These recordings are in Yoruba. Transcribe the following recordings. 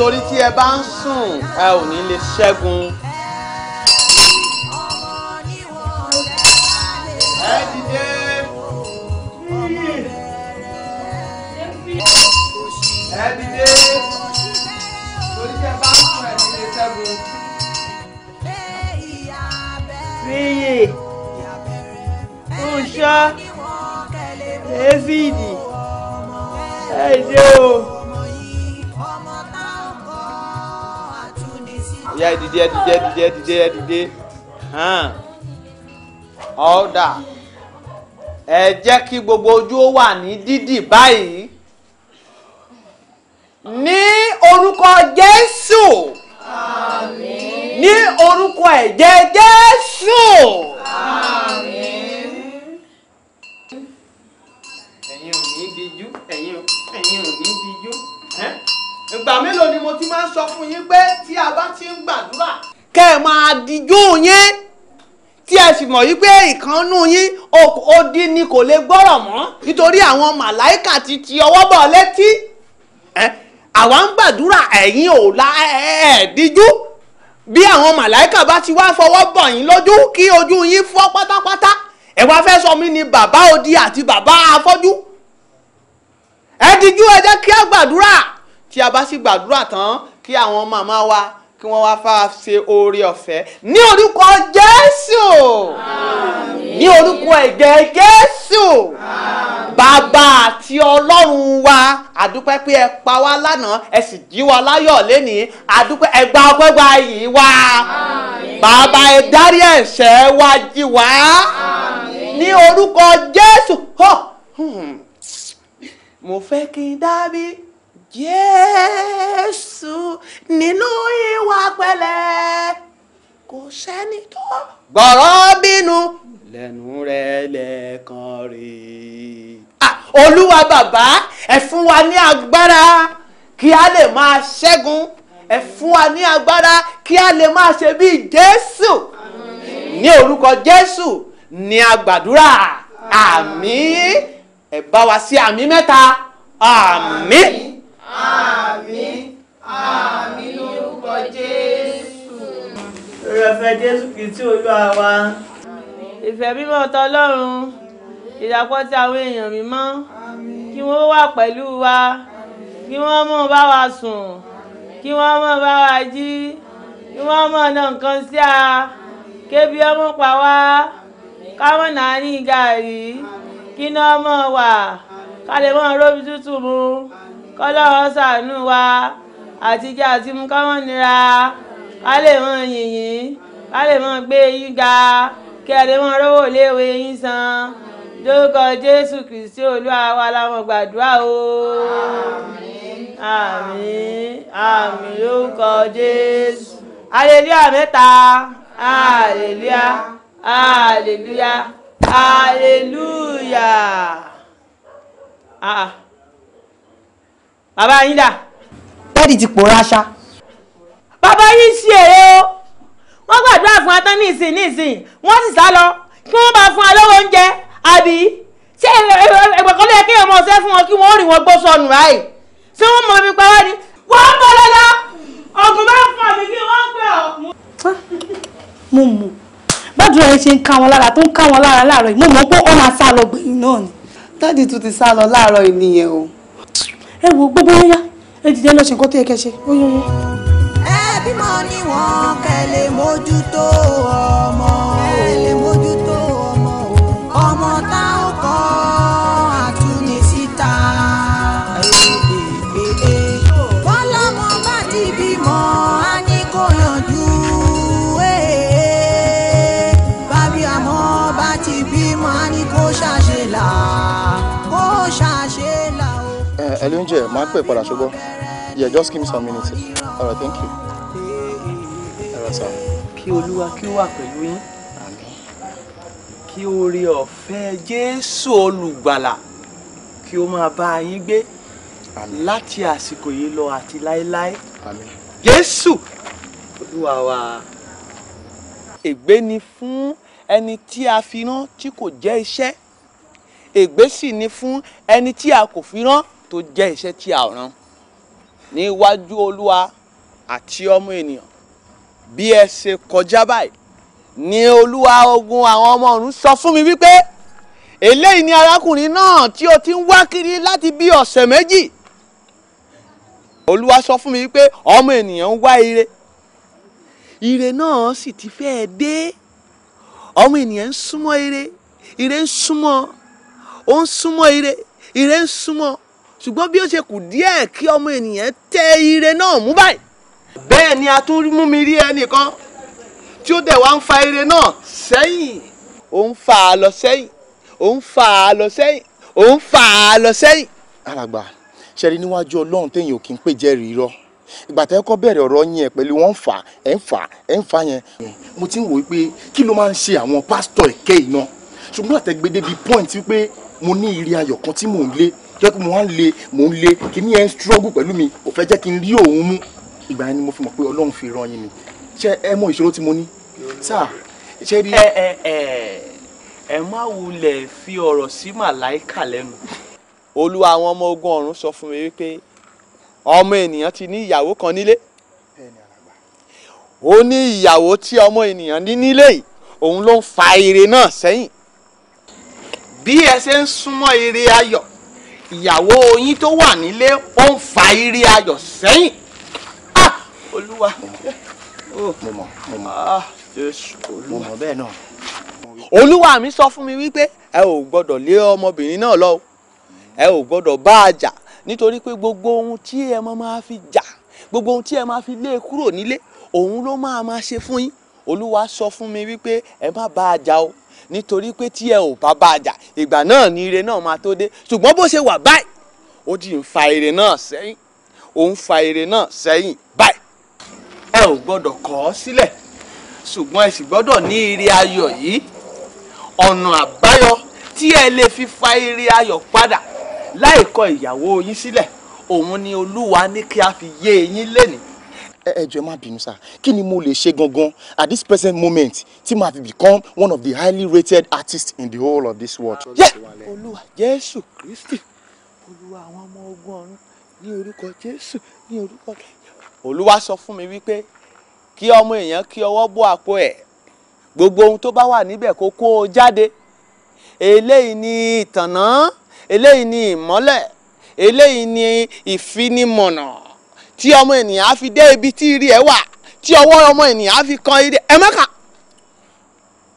torí tí ẹ bá ń sùn ẹ ò ní lè ṣẹ́gun. ẹ dìde. ẹ dìde. torí tí ẹ bá ń sùn ẹ ní lè ṣẹ́gun. ṣe o. yẹ dìde yẹ dìde yẹ dìde yẹ dìde yẹ dìde hàn ọ̀dà ẹ jẹ́ kí gbogbo ojú ó wà ní dídì báyìí ní orúkọ Jésù àmín ní orúkọ ẹ̀jẹ̀ Jésù àmín. ìgbà mélòó ni mo ti máa ń sọ fún yín pé tí a bá ti ń gbàdúrà. kẹ́ ẹ máa dijú yín tí ẹ sì mọ̀ yí pé ìkànnú yín odi ni kò lè gbọ́rọ̀ mọ́ nítorí àwọn màláìkà ti ti ọwọ́ bọ̀ létí àwa ń gbàdúrà ẹ̀yin ò la ẹ̀ẹ́díjú bí àwọn màláìkà bá ti wá fọwọ́ bọ̀ yín lójú kí ojú yín fọ́ pátápátá ẹ wá fẹ́ sọ mí ni bàbá odi àti bàbá afọ́jú ẹ̀ẹ́díjú ẹ jẹ́ kí a gbàdúrà tí a bá sì gbàdúrà tán kí àwọn màmá wa kí wọ́n wá fa ṣe oore ọ̀fẹ́ ní orúkọ Jésù ní orúkọ ẹ̀jẹ̀ Jésù bàbá àti Ọlọ́run wa àdúpẹ́ pé ẹ pa wá lánàá ẹ sì jí wa láyọ̀ lénìí àdúpẹ́ ẹ gba ọpẹ́ gba yìí wá bàbá ẹ dárí ẹ̀ṣẹ̀ wa jì wá ní orúkọ Jésù hmm. mo fẹ́ kí n dábí jésù nínú ìwà pẹ̀lẹ́ kò sẹ́ni tó. gbọ̀rọ̀ bínú lẹ́nu rẹ̀ lẹ́ẹ̀kan rè é. olúwa bàbá ẹ fún wa ní agbára kí a lè máa ṣẹ́gun ẹ fún wa ní agbára kí a lè máa ṣe bí jésù ní orúkọ jésù ní àgbàdúrà àmín ẹ bá wa sí àmín mẹ́ta àmín. àmín. Àmín orúkọ Jésù. Ìrọ̀fẹ́ Jésù Kìtì Olúwa wa. Ìfẹ́ mímọ́ tọlọ́run. Ìdàpọ̀ ti àwọn èèyàn mímọ́. Kí wọ́n wà pẹ̀lú wa. Kí wọ́n mọ̀ bá wa sùn. Kí wọ́n mọ̀ bá wa jí. Kí wọ́n mọ̀ ná nǹkan sí a. Kébi ọmọ pa wá. Káwọn náà ní gàrí. Kí náà mọ̀ wà. Ká lè mọ̀ róbi tútù mu. Kọ́lọ́run ṣàánú wa àtijọ́ àti mú káwọn nira ká lè mọ yìnyín ká lè mọ gbé yín ga kí ẹ lè mọ rówó léwe yín san lórúkọ Jésù Kristi Olúwa wa làwọn gbàdúrà o àmín àmín lórúkọ Jésù aleluya mẹ́ta aleluya aleluya aleluya. Ah, ah. Bàbá yín dà dádì ti pòórá ṣá. bàbá yìí ṣe èrè o wọ́n gbàdúrà fún atán ní ìsìn ní ìsìn wọ́n sì sá lọ kí wọ́n bá fún alówó oúnjẹ àbí ṣé ẹgbẹ̀kọ́ lè kéèyàn mọ̀ ṣẹ́ fún wọn kí wọ́n rìn wọn gbó sọnù ráì ṣé wọ́n mọ̀ mi pa wá ni. wọ́n ń bọ̀ lọ́la ọ̀gùn bá fọ̀ mí kí wọ́n pè ọ́. Ah, mo mọ̀ gbàdúrà yẹn ṣe ń ká wọn lára tó ń ká wọn lára láàárọ̀ yìí mo mọ̀ pé ó máa sá lọ gbẹ̀yìn náà ni. dáàdì ti sá lọ láàárọ̀ yìí o. ẹ wo gbogbo wọn yá ẹ dìde lọ ṣe nǹkan tó yẹ kẹ́ ṣe ó yẹ ni wọn kẹ mójútó ọmọ. ló ń jẹ máa ń pè padà ṣùgbọ́n yeah just give me some minutes all right thank you ẹ rà sá. kí olúwa kí ó wà pẹ̀lú yín kí oore ọ̀fẹ́ jésù olùgbàlà kí ó máa bá yín gbé láti àsìkò yìí lọ àti láéláé jésù olúwa wa ègbé ni fún ẹni tí a fi rán tí kò jẹ́ iṣẹ́ ègbé sì ni fún ẹni tí a kò fi rán tó jẹ́ iṣẹ́ tí a rán níwájú olúwa àti ọmọ ènìyàn bí ẹ ṣe kọjá báyìí ni olúwa ogun àwọn ọmọ ọ̀run sọ fún mi wípé eléyìí ni arákùnrin náà tí o ti ń wá kiri láti bí ọ̀sẹ̀ méjì olúwa sọ fún mi wípé ọmọ ènìyàn ń wá ire ire náà sì ti fẹ́ dé ọmọ ènìyàn ń súnmọ́ ire ire ń súnmọ́ ó ń súnmọ́ ire ire ń súnmọ́ ṣùgbọ́n bí ó ṣe kù díẹ̀ kí ọmọ ènìyàn tẹ ire náà mú báyìí. bẹ́ẹ̀ ni a tún mú mi rí ẹnìkan tí ó dẹ̀ wá ń fa ire náà sẹ́yìn ó ń fa á lọ sẹ́yìn ó ń fa á lọ sẹ́yìn ó ń fa á lọ sẹ́yìn. alàgbà ṣẹ́rí níwájú ọlọ́run téèyàn ò kí ń pè jẹ́rìí irọ́ ìgbà tẹ́ kọ́ bẹ̀rẹ̀ ọ̀rọ̀ yín ẹ̀ pẹ̀lú wọ́n fà ẹ̀ ń fà ẹ̀ ń fà yẹn. mo ti ń wòó pé kí ló máa ń ṣe àwọn pásítọ̀ ẹ̀kẹ́ iná ṣùgbọ́n àtẹ̀gbẹ́dẹ́ bíi point wípé mo ní ìrì ayọ̀ kan tí mò ń lé jẹ́ pé mo wá ń le mo ń le kíní yẹn ń struggle pẹ̀lú mi kò fẹ́ jẹ́ kí n rí òun mú ìgbà yẹn ni mo fi mọ̀ pé ọlọ́run fi ràn yín ni ṣé ẹ mọ ìṣòro tí mo ní sáà ṣé rí. ẹ ẹ ẹ ẹ má wulẹ̀ fi ọ̀rọ̀ sí màláìkà lẹ́nu. olúwa àwọn ọmọ ogun ọ̀run sọ fún mi wípé ọmọ ènìyàn ti ní ìyàwó kan nílé ó ní ìyàwó tí ọmọ ènìyàn ní nílé yìí òun ló ń fa ire náà sẹ́yìn. bí ẹ ṣe ń súnmọ́ ire ayọ̀ ìyàwó yín tó wà nílé ó ń fa eré ayọ̀ sẹ́yìn ah olúwa mo mọ̀ mo mọ̀ ah, mo mọ̀ bẹ́ẹ̀ náà. olúwa mi sọ fún mi wípé ẹ ò gbọ́dọ̀ lé ọmọbìnrin náà lọ ẹ ò gbọ́dọ̀ bá a jà nítorí pé gbogbo ohun tí ẹ máa máa fi jà gbogbo ohun tí ẹ máa fi lé e kúrò nílé òun ló máa máa ṣe fún yín olúwa sọ fún mi wípé ẹ má bá a jà o nítorí pé tí ẹ ò bá bá a jà ìgbà náà ni ire náà máa tó dé ṣùgbọ́n bó ṣe wà báyìí ó ti ń fa ire náà sẹ́yìn ó ń fa ire náà sẹ́yìn báyìí ẹ ò gbọ́dọ̀ kọ̀ ọ́ sílẹ̀ ṣùgbọ́n ẹ sì gbọ́dọ̀ ní ire ayọ̀ yìí ọ̀nà àbáyọ tí ẹ lè fi fa ire ayọ̀ padà láì kọ̀ ìyàwó yín sílẹ̀ òun ni olúwa ní kí a fi yé eyín lénìí ẹ jọ̀ọ́ ẹ má bínú sá kí ni mo lè ṣe gangan at this present moment tí màá fi become one of the highly rated artists in the whole of this world. olúwa jésù kristi olúwa àwọn ọmọ ogun ọ̀run ní orúkọ jésù ní orúkọ kẹjọ. olúwa sọ fún mi wípé kí ọmọ èèyàn kí ọwọ́ bọ́ àpò ẹ̀ gbogbo ohun tó bá wà níbẹ̀ kó kó o jáde eléyìí ni ìtànná eléyìí ni ìmọ́lẹ̀ eléyìí ni ìfinimọ̀nà tí ọmọ ènìyàn á fi dé ibi tí irí ẹ wà tí ọwọ́ ọmọ ènìyàn á fi kan irí ẹ má kà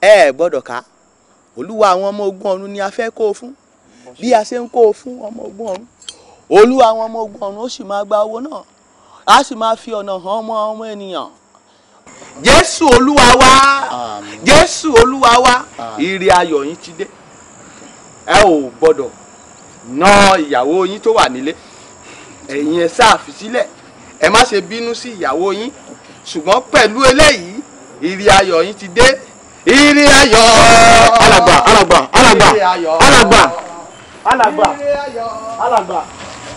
ẹ gbọ́dọ̀ ká olúwa àwọn ọmọ ogun ọ̀run ni a fẹ́ kó o fún bí a ṣe ń kó o fún ọmọ ogun ọ̀run olúwa àwọn ọmọ ogun ọ̀run ó sì máa gba owó náà a sì máa fi ọ̀nà hàn ọmọ ọmọ ènìyàn jésù olúwa wá jésù olúwa wá ire ayọ̀ yín ti dé ẹ ò gbọ́dọ̀ ná ìyàwó yín tó wà nílé ẹ̀yin ẹ sáà fi sílẹ̀ ẹ má ṣe bínú sí ìyàwó yín ṣùgbọ́n pẹ̀lú eléyìí ìrì ayọ̀ yín ti dé ìrì ayọ̀. alàgbà alàgbà alàgbà alàgbà alàgbà alàgbà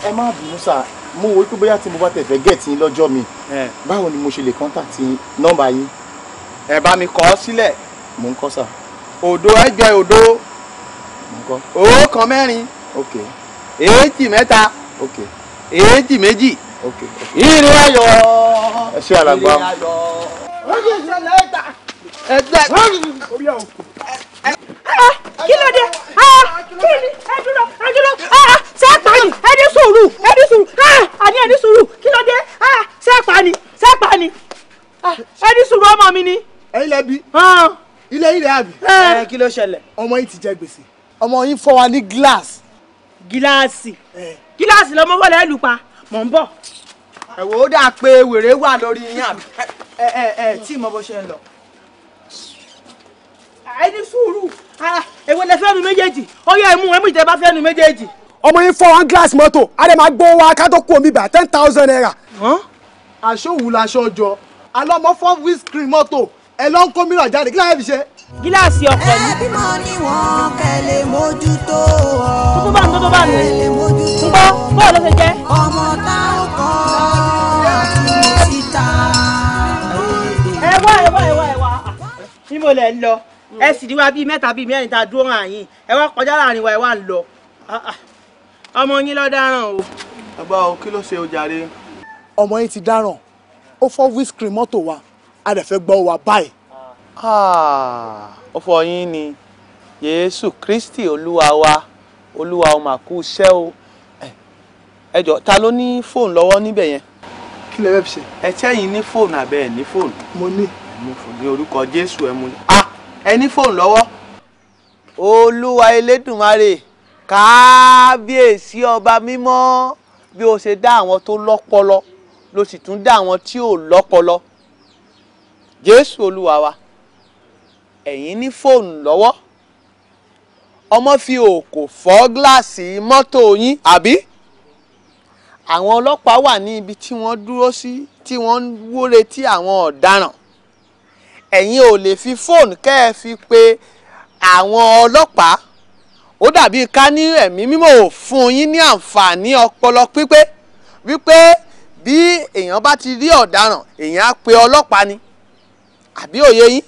ẹ má bínú sáà mo wo pé bóyá tí mo bá tẹ̀fẹ́ gẹ̀ẹ́tì yín lọ́jọ́ mi báwo ni mo ṣe lè kọ́ńtàtì nọ́mbà yín. ẹ bá mi kọ sílẹ̀. mo ń kọ sà. òdo ẹgbẹ́ òdo. mo ń kọ. òókan mẹ́rin. ok. èéjì mẹ́ta. ok. èéjì méjì ìrìn ayọ̀ ìrìn ayọ̀ orí ṣe é pani ẹ ní sùúrù ẹ sùúrù ah, ah, àní ẹ sùúrù kí ah, ṣe é pani ṣe é pani ẹ ní sùúrù ọmọ mi ni. ẹ̀yin lẹbi ilé ilé àbí. Eh. Eh, kí ló ṣẹlẹ̀. ọmọ yìí ti jẹ gbèsè ọmọ yìí fọ́ ní gíláàsì. gíláàsì eh. gíláàsì lọmọ wọlé ẹ pa mò ń bọ̀. ẹ̀wọ̀ ó dáa pé wèrè wà lórí yín àbí. ẹ ẹ ẹ tí mo bó ṣe ń lọ. ẹ ní sùúrù èwo lẹ fẹ́ nu méjèèjì ó yẹ ẹ̀mú ẹ̀mú ìjẹba fẹ́ nu méjèèjì. ọmọ yín fọ́ one glass mọ́tò a lè máa gbọ́ wa ká tó kú omi bá ten thousand naira. aṣọ òwú laṣọ jọ alọ́mọ fọ́ windscreen mọ́tò ẹ lọ́ ń kó mìíràn jáde kí láyé fi ṣe gíláàsì ọkọ̀ ni. ẹbí mọ ni wọn kẹlẹ mójútó ọ. tuntun bá ń tó tó bá nù. ń gbọ́ bọ́ọ̀ ló ṣe jẹ́. ọmọ tá ò kọ́ ọtí síta. ẹ wá ẹ wá ẹ wá ẹ wá ní mo lẹ̀ ń lọ ẹ sì díwá bíi mẹ́ta bíi mẹ́rin tá a dúró hàn yín ẹ wá kọjá láàrin wa ẹ wá ń lọ ah, ah. ọmọ yín lọ dáràn o. àgbà o kí ló ṣe o jàre. ọmọ yín ti dáràn ó fọ́ wíṣkìrì mọ́tò wa a dẹ̀ fẹ́ gbọ́ wa báyìí ó fọ yín ni Jésù Kristi olúwa wa olúwa ó mà kú iṣẹ́ o ẹ jọ ta ló ní fóònù lọ́wọ́ níbẹ̀ yẹn. kí lè wẹ́ẹ̀bì ṣe. ẹ tẹ́yìn ní fóònù àbẹ́ ẹ̀ ní fóònù. mo ní. mo fò ní orúkọ Jésù ẹ mú ní. a ah, ẹ ní fóònù lọ́wọ́. olúwa elédùnmarè káábíyèsí ọba mímọ́ bí o ṣe dá àwọn tó lọ́pọlọ ló sì tún dá àwọn tí ò lọ́pọlọ Jésù olúwa wa ẹ̀yin ní fóònù lọ́wọ́ ọmọ fi òkò fọ́ gíláàsì mọ́tò yín àbí àwọn ọlọ́pàá wà ní ibi tí wọ́n dúró sí tí wọ́n ń wúre tí àwọn ọ̀daràn ẹ̀yin ò lè fi fóònù kẹ́ ẹ fi pe àwọn ọlọ́pàá ó dàbí ká ní ẹ̀mí mímọ́ ò fún yín ní àǹfààní ọpọlọ pípé wípé bí èèyàn bá ti rí ọ̀daràn èèyàn á pe ọlọ́pàá ni àbí òye yín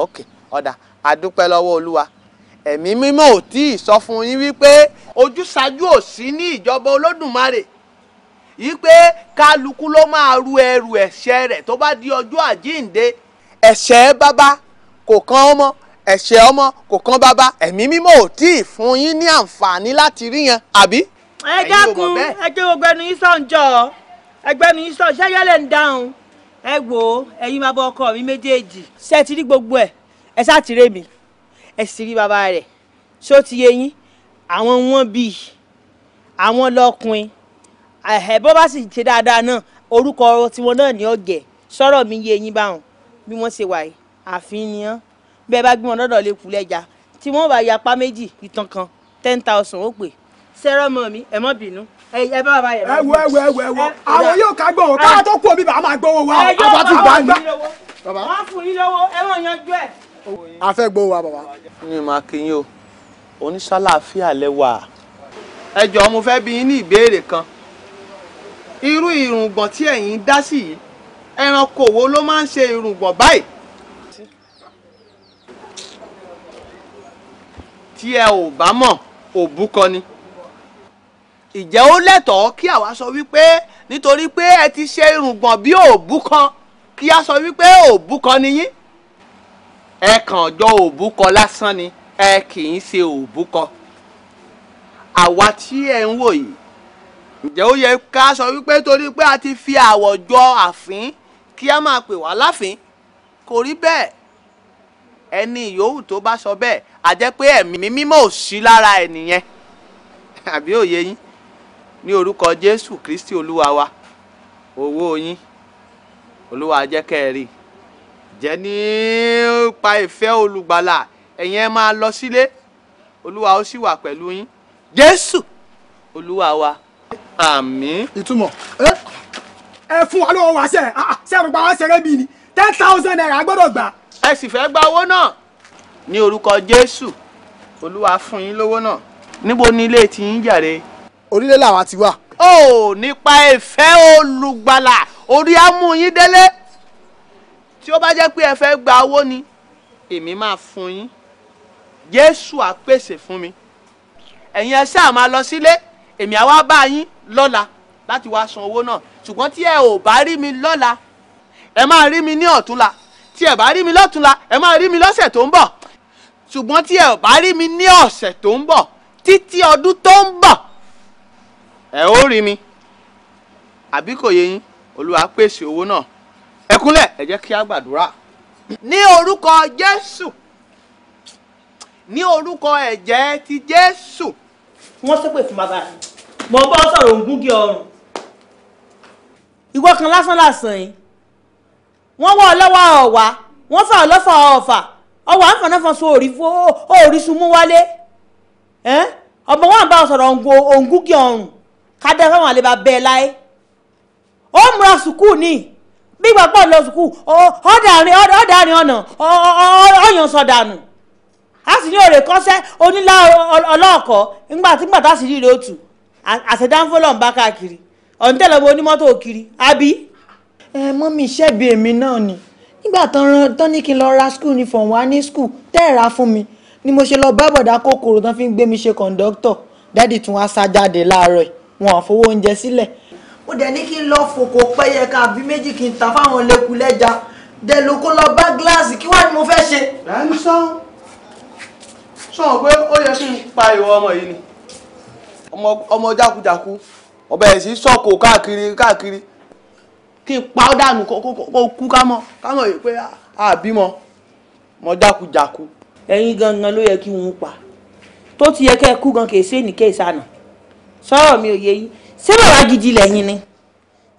ok ọ̀dà adúpẹ́ lọ́wọ́ olúwa ẹ̀mí mímọ́ ò tí ì sọ fún yín wípé ojúṣàjú ò sí ní ìjọba olódùmarè yìí pé kálukú ló máa ru ẹrù ẹ̀ṣẹ̀ rẹ̀ tó bá di ọjọ́ àjíǹde ẹ̀ṣẹ̀ bàbá kò kan ọmọ ẹ̀ṣẹ̀ ọmọ kò kan bàbá ẹ̀mí mímọ́ ò tí ì fún yín ní àǹfààní láti rí yẹn àbí. ẹ dákun ẹ jẹ́ gbogbo ẹnu yín sọ̀ ẹgbẹ́ ẹnu yín sọ̀ ṣẹ́yẹ́lẹ̀ ń dáhùn ẹ wo ẹ̀yin máa bọ ọkọ mi méjèèjì ṣé ti rí gbogbo ẹ ẹ sátìrẹ mi ẹ sì rí bàbá rẹ ṣó ti yé yín àwọn wọn bíi àwọn lọkùnrin ẹ bọ́ bá sì ṣe dáadáa náà orúkọ tiwọn náà ní ọ̀gẹ̀ sọ̀rọ̀ mi yé yín báwọn bí wọ́n ṣe wà yìí àfin ni án bẹ́ẹ̀ bá gbé wọn lọ́dọ̀ lè lẹ́jà tí wọ́n bá yapa méjì ìtàn kan ten thousand ó pè sẹ́rọ̀ mọ́ mi ẹ má bínú ẹ bá bàbá yẹn. ẹwọ ẹwọ ẹwọ ẹwọ àwọn yóò ká gbọ̀wọ̀ káwá tó kú omi bàá máa gbọ́wọ́ wa àbá ti gbà ń gbà. wọ́n fún yín lọ́wọ́ ẹ wọ́n yanjú ẹ̀. a fẹ́ gbowó wa bàbá. ní ma kínyìn o oníṣàlàáfíà lẹ́wà. ẹ jọ̀ọ́ mo fẹ́ bi yín ní ìbéèrè kan irú ìrùngbọ̀n tí ẹ̀yin dá sí yìí ẹranko wo ló máa ń ṣe ìrùngbọ̀n báyìí tí ẹ ò bá mọ̀ òbúkọ ni ìjẹ́ ó lẹ́tọ̀ọ́ kí àwa sọ wípé nítorí pé ẹ ti ṣe irùngbọ̀n bí òbú kan kí a sọ wípé òbú kan niyín ẹ kàn jọ òbú kan lásán ni ẹ kì í ṣe òbú kan àwa tí ẹ ń wò yìí ǹjẹ́ ó yẹ ká sọ wípé torí pé a ti fi àwọ̀ jọ àfín kí a máa pè wá láfín kò rí bẹ́ẹ̀ ẹni yòówù tó bá sọ bẹ́ẹ̀ a pé ẹ̀mí mímọ́ ò sí lára ẹ̀ nìyẹn àbí òye yín ní orúkọ jésù kristi olúwa wa owó yín olúwa jẹ́ kẹ́ẹ̀rí jẹ́ nípa ìfẹ́ olùgbàlà ẹ̀yin ẹ máa lọ sílé olúwa ó sì wà pẹ̀lú yín jésù olúwa wa àmín. ìtumọ̀ ẹ ẹ fún wa lọ́wọ́ wa sẹ́ẹ̀ sẹ́ẹ̀ rúpa wa ṣeré ni ten thousand naira gbọ́dọ̀ gbà. ẹ sì fẹ́ gba owó náà ní orúkọ jésù olúwa fún yín lówó náà níbo ni ilé tí yín jàre orílẹ̀ làwa ti wà. ó nípa ìfẹ́ olùgbàlà orí amúyín délé tí ó bá jẹ́ pé ẹ fẹ́ gba owó ni èmi máa fún yín Jésù á fún mi ẹ̀yin ẹ ṣáà máa lọ sílé èmi àwa bá yín lọ́la láti wá san owó náà ṣùgbọ́n tí ẹ ò bá rí mi lọ́la ẹ máa rí mi ní ọ̀túnla tí ẹ bá rí mi lọ́túnla ẹ máa rí mi lọ́sẹ̀ tó ń bọ̀ ṣùgbọ́n tí ẹ ò bá rí mi ní ọ̀sẹ̀ tó ń bọ̀ títí ọdún tó ń bọ̀ ẹ ó rí mi àbí kò yé olúwa pèsè owó náà ẹ kúnlẹ̀ ẹ kí a gbàdúrà. ní orúkọ jésù ní orúkọ ẹ̀jẹ̀ ti jésù. wọ́n ṣépè fún bàbá rẹ̀ mọ̀ bá ọ sọ̀rọ̀ kan lásán yìí wọ́n wọ́ ọ̀wá wọ́n fà ọ lọ́fà ọ̀fà ọwọ́ so fún sunmú wálé wọn bá ọ sọ̀rọ̀ kádà fáwọn àlebà bẹ́ẹ̀ láyé ó múra sùkúù ní bí gbàgbọ́ lọ sùkúù ọ̀dàrin ọ̀dàrin ọ̀nà ọ̀yàn sọ̀dànù a sì ní òrè kọ́sẹ́ onílà ọlọ́ọ̀kọ́ ńgbà tí gbàtà sì rí rèé tù àṣẹdánfọ́lọ̀ ń bá káàkiri ọ̀ǹtẹ̀lọ́gbọ̀ onímọ́tò kiri àbí. ẹ mọ́mí iṣẹ́ bíi èmi náà ni nígbà tán ní kí n lọ ra school ní fọ̀n wá ní school tẹ́ ẹ̀ ra fún mi ni mo ṣe lọ bá bọ̀dá kòkòrò tán fi ń gbé mi ṣe kọ̀ǹdọ́tọ̀ dádì tún wá sá jáde láàárọ̀ yìí wọn àfowó oúnjẹ sílẹ̀. ó dẹ̀ ní kí n lọ fòkò pẹ́yẹ ká bí méjì kí n ta fáwọn lẹ́kùn lẹ́ja dẹ̀ ló kó lọ bá gíláàsì kí wàá ni mo fẹ́ ṣe. láì sọ sọ pé ó yẹ kí n pa ìwọ ọmọ yìí ni ọmọ jákujàku ọbẹ̀ yẹn sì sọ̀kò káàkiri káàkiri kí n pa ọ́ dànù kó kú kámọ́ kámọ́ yìí pé àbímọ mọ jákujàku. ẹ̀yin gangan ló yẹ kí n pa tó ti yẹ kẹ́ kú gan kèsè ní kèsànà sọ̀rọ̀ mi ò yé yín ṣé bàbá gidi lẹ́yìn ni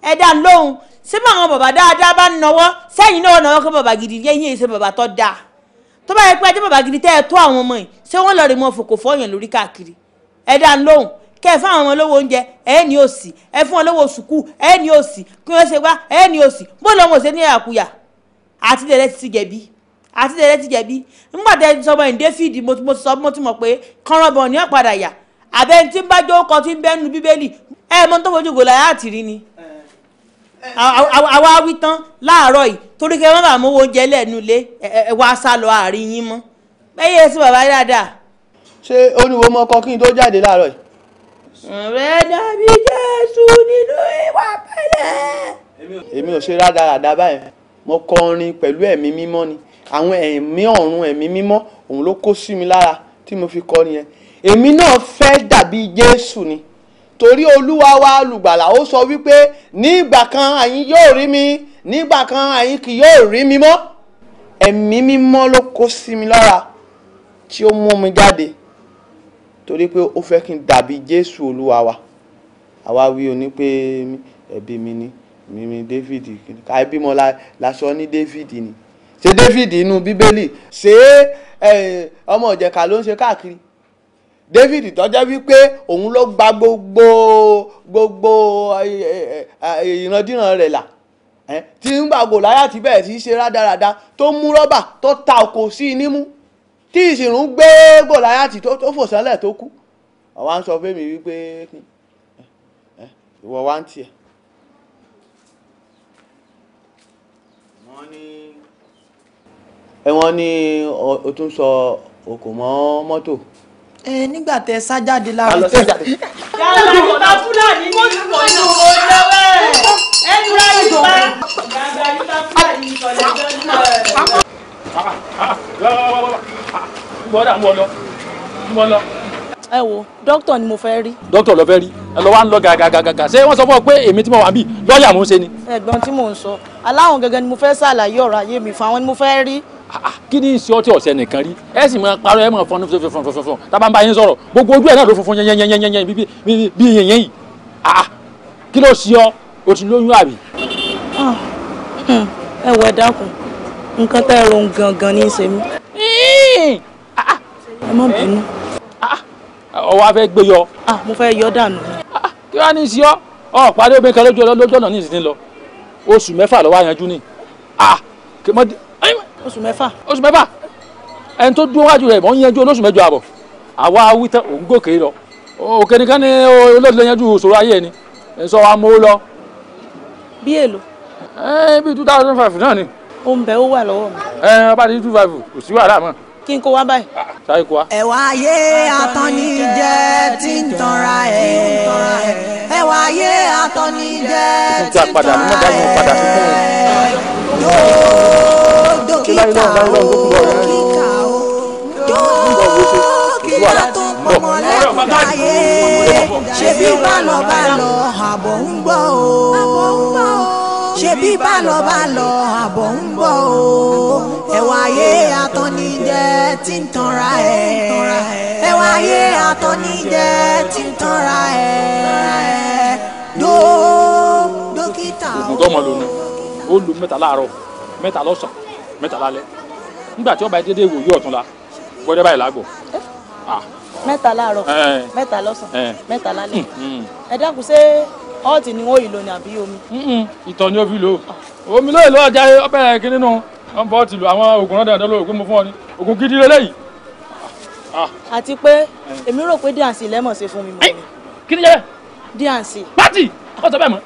ẹ dá lóhùn ṣé bá àwọn bàbá dáadáa bá ń náwó sẹ́yìn náà náwó kó bàbá gidi yẹ́yìn èyí ṣe bàbá tó dáa tó bá yẹ pé ajé bàbá gidi tẹ́ ẹ tó àwọn ọmọ yìí ṣé wọ́n lọ rí mọ́ fòkò fọ́yàn lórí káàkiri ẹ dá lóhùn kẹ ẹ fún àwọn ọmọ olówó oúnjẹ ẹ ní òsì ẹ fún olówó sùkúù ẹ ní òsì kí wọ́n ṣe wá ẹ ní òsì bó lọ́mọ òṣè ní àkúyà àti dẹ̀rẹ́ ti jẹ̀bi àti ti jẹ̀bi nígbà tẹ́ sọmọ ìdẹ́fìdì mo ti mọ̀ pé kọ́ńrọ́bọ̀n ni wọ́n padà yà àbẹ tí ń bá jó kọ tí ń bẹ́nu bíbélì ẹ mọ tó fojú gòlà láti rí ni àwa wí tán láàárọ̀ yìí torí kẹ́ ẹ má bàa mú oúnjẹ lẹ́nu ilé ẹ wá sá lọ àárín yín mọ́ bẹ́ẹ̀ sí bàbá dáadáa. ṣé oníwo mọ kọ kí n tó jáde láàárọ̀ yìí. ọ̀rẹ́ dàbí jésù nínú ìwà pẹ̀lẹ́. èmi ò ṣe rádaràda báyìí mo kọ orin pẹ̀lú ẹ̀mí mímọ́ ni àwọn ẹ̀mí ọ̀run ẹ̀mí mímọ́ òun ló kó sí mi lára tí mo fi kọ nìyẹn èmi náà fẹ́ ọmọlúàbí jésù ni torí olúwa wa olùgbàlà ó sọ wípé nígbà kan àyín yóò rí mi nígbà kan àyín kì yóò rí mi mọ́ ẹ̀mí mímọ́ ló kó sí mi lára tí ó mú mi jáde torí pé ó fẹ́ kí n dàbí jésù olúwa wa àwa wí o pé ẹbí mi ni mímí david káyé bímọ láṣọ ní david ni ṣé david inú bíbélì ṣé ọmọ ìjẹ̀ka ló ń ṣe káàkiri David tọ́já wípé òun ló gba gbogbo gbogbo ìrandíran rẹ̀ là tí ń gbà Gòláyátì bẹ̀rẹ̀ sí í ṣe rádaràda tó mú rọ́bà tó ta òkò sí i nímú tí ìsìnrún gbé Gòláyátì tó fò sánlẹ̀ tó kú àwa ń sọ fẹ́mi wípé ìwọ wá ń tiẹ̀. wọ́n ní o tún sọ òkò mọ́ mọ́tò ẹ nígbà tẹ sá jáde láwùjọ. yàrá ìgbà fúlàní ní ìlú òjòwé ẹnu ráyè pa yàrá ìgbà fúlàní ìkọlẹ̀ jọ́nù. bọ́dà mú ọ lọ mú ọ lọ. ẹ wo dókítà ni mo fẹ́ rí. dókítà ló fẹ́ rí ẹ lọ wá ń lọ gàgàgàgà ṣé wọ́n sọ fún ọ pé èmi tí mo wà ń bì lọ́ọ̀yà mò ń ṣe ni. ẹ̀gbọ́n tí mò ń sọ aláwọn gẹ́gẹ́ ni mo fẹ́ ṣàlàyé ọ̀rọ̀ ayé mi fún àwọn ni mo fẹ́ rí Ah, ah, kí ni ìṣe ọtí ọ̀sẹ̀ nìkan rí ẹ sì máa parọ́ ẹ máa fọnú fọnfọnfọnfọn tábà ń bá yín sọ̀rọ̀ gbogbo ojú ẹ̀ náà ló funfun yẹnyẹnyẹnyẹn bí yẹnyẹn yìí ah, kí ló ṣe ọ o ti lóyún àbí. Hmm, ẹ wọ ẹ dákun nǹkan tẹ́ ẹ ro gangan ní í ṣe mí. ẹ má eh? bínú. ọwọ́ a fẹ́ gbé yọ. mo fẹ́ yọ dànù. kí wàá ní í ṣe ọ ọ parí obìnrin kan lójú ọ̀nà ní ìsìn lọ oṣù mẹ́fà lọ́wọ́ àyànjú ni oṣù mẹ́fà. oṣù mẹ́fà ẹni tó dúró wájú rẹ̀ mọ̀ ń olóṣù mẹ́jọ àbọ̀ àwa wí tán òun gòkè lọ òkè nìkan ni olóòtú lè ìṣòro ayé ẹni sọ wa mọ́ lọ. bí èlò. ẹ bí two thousand five náà ni. o ń bẹ ó wà lọ́wọ́ mi. ẹ ọba ti two five kò sí wàhálà mọ́. kí n kó wá báyìí. Ah, sáré kó wá. ẹ̀wà ayé atọ́nijẹ́ tí ń tanra ẹ̀ ẹ̀wà ayé atọ́nijẹ́ tí ń tanra ẹ̀ dókítà o kíkà o dókítà tó mọmọ lẹ́kùn láyé ṣebí bálọ̀bálọ̀ àbọ̀ ń gbọ́ o ṣebí bálọ̀bálọ̀ àbọ̀ ń gbọ́ o ẹ̀wà ayé atọ́nijẹ́ tí ń tanra ẹ̀ ẹwà ayé àtọ́nijẹ́ tí ń tanra ẹ̀ dó dókítà o ó lu mẹ́ta láàárọ̀ mẹ́ta lọ́sàn mẹ́ta lálẹ́ nígbà tí ọba dédé wò yí ọ̀tún la gbọ́dọ̀ báyìí lágbọ̀. Ah. mẹ́ta láàárọ̀ mẹ́ta lọ́sàn mẹ́ta lálẹ́ hmm, hmm. ẹ dákun ṣé ọ́ọ̀tì ni wọ́n yìí lò ní àbí omi. Hmm, ìtọ̀ ni ó fi lò omi lóye lọ́wọ́ jáde ọbẹ̀ kí nínú wọn bọ́ ti lu àwọn oògùn náà dandan lóye ògùn mo fún ọ ni oògùn gidi lélẹ́yìí. Ah. àti pé èmi rò pé díàǹsì lẹ́mọ̀ ṣe fún mi mọ́ ni. kí ni jẹ́ díàǹsì. pátì ọ̀sẹ̀ bẹ́ẹ̀ mọ́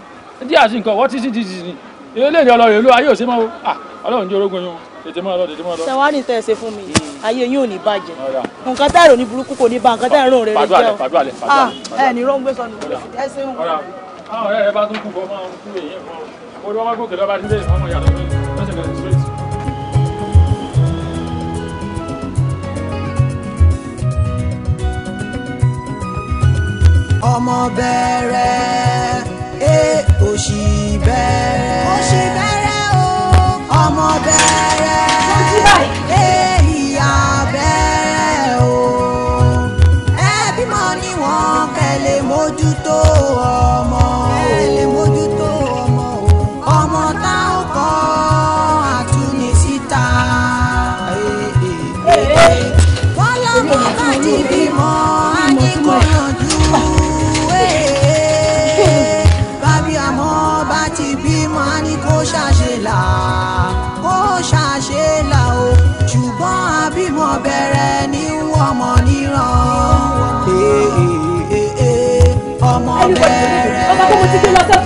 díàǹsì nǹkan wọ́n ti sí ti sì ni ilé ìdí ọlọrin ìlú ayé ò sí mọ́ ah, ọlọ́run jẹ́ orógun yín tètè máa lọ tètè máa lọ. sẹwárì tẹ ẹ ṣe fún mi mm. ayé yín ò ní bàjẹ́ nǹkan tá èrò burúkú kò ní bá nǹkan tá èrò rere jẹ́ o ah, ẹ ní rọ́ngbé sọnù ẹ ṣeun. àwọn ọ̀rẹ́ rẹ bá tún kú bọ́ máa ń kú èyí fún ọ mo ní gòkè lọ́ba ẹ òṣì bẹ̀rẹ̀ òṣì bẹ̀rẹ̀ o ọmọ bẹ̀rẹ̀ ẹ.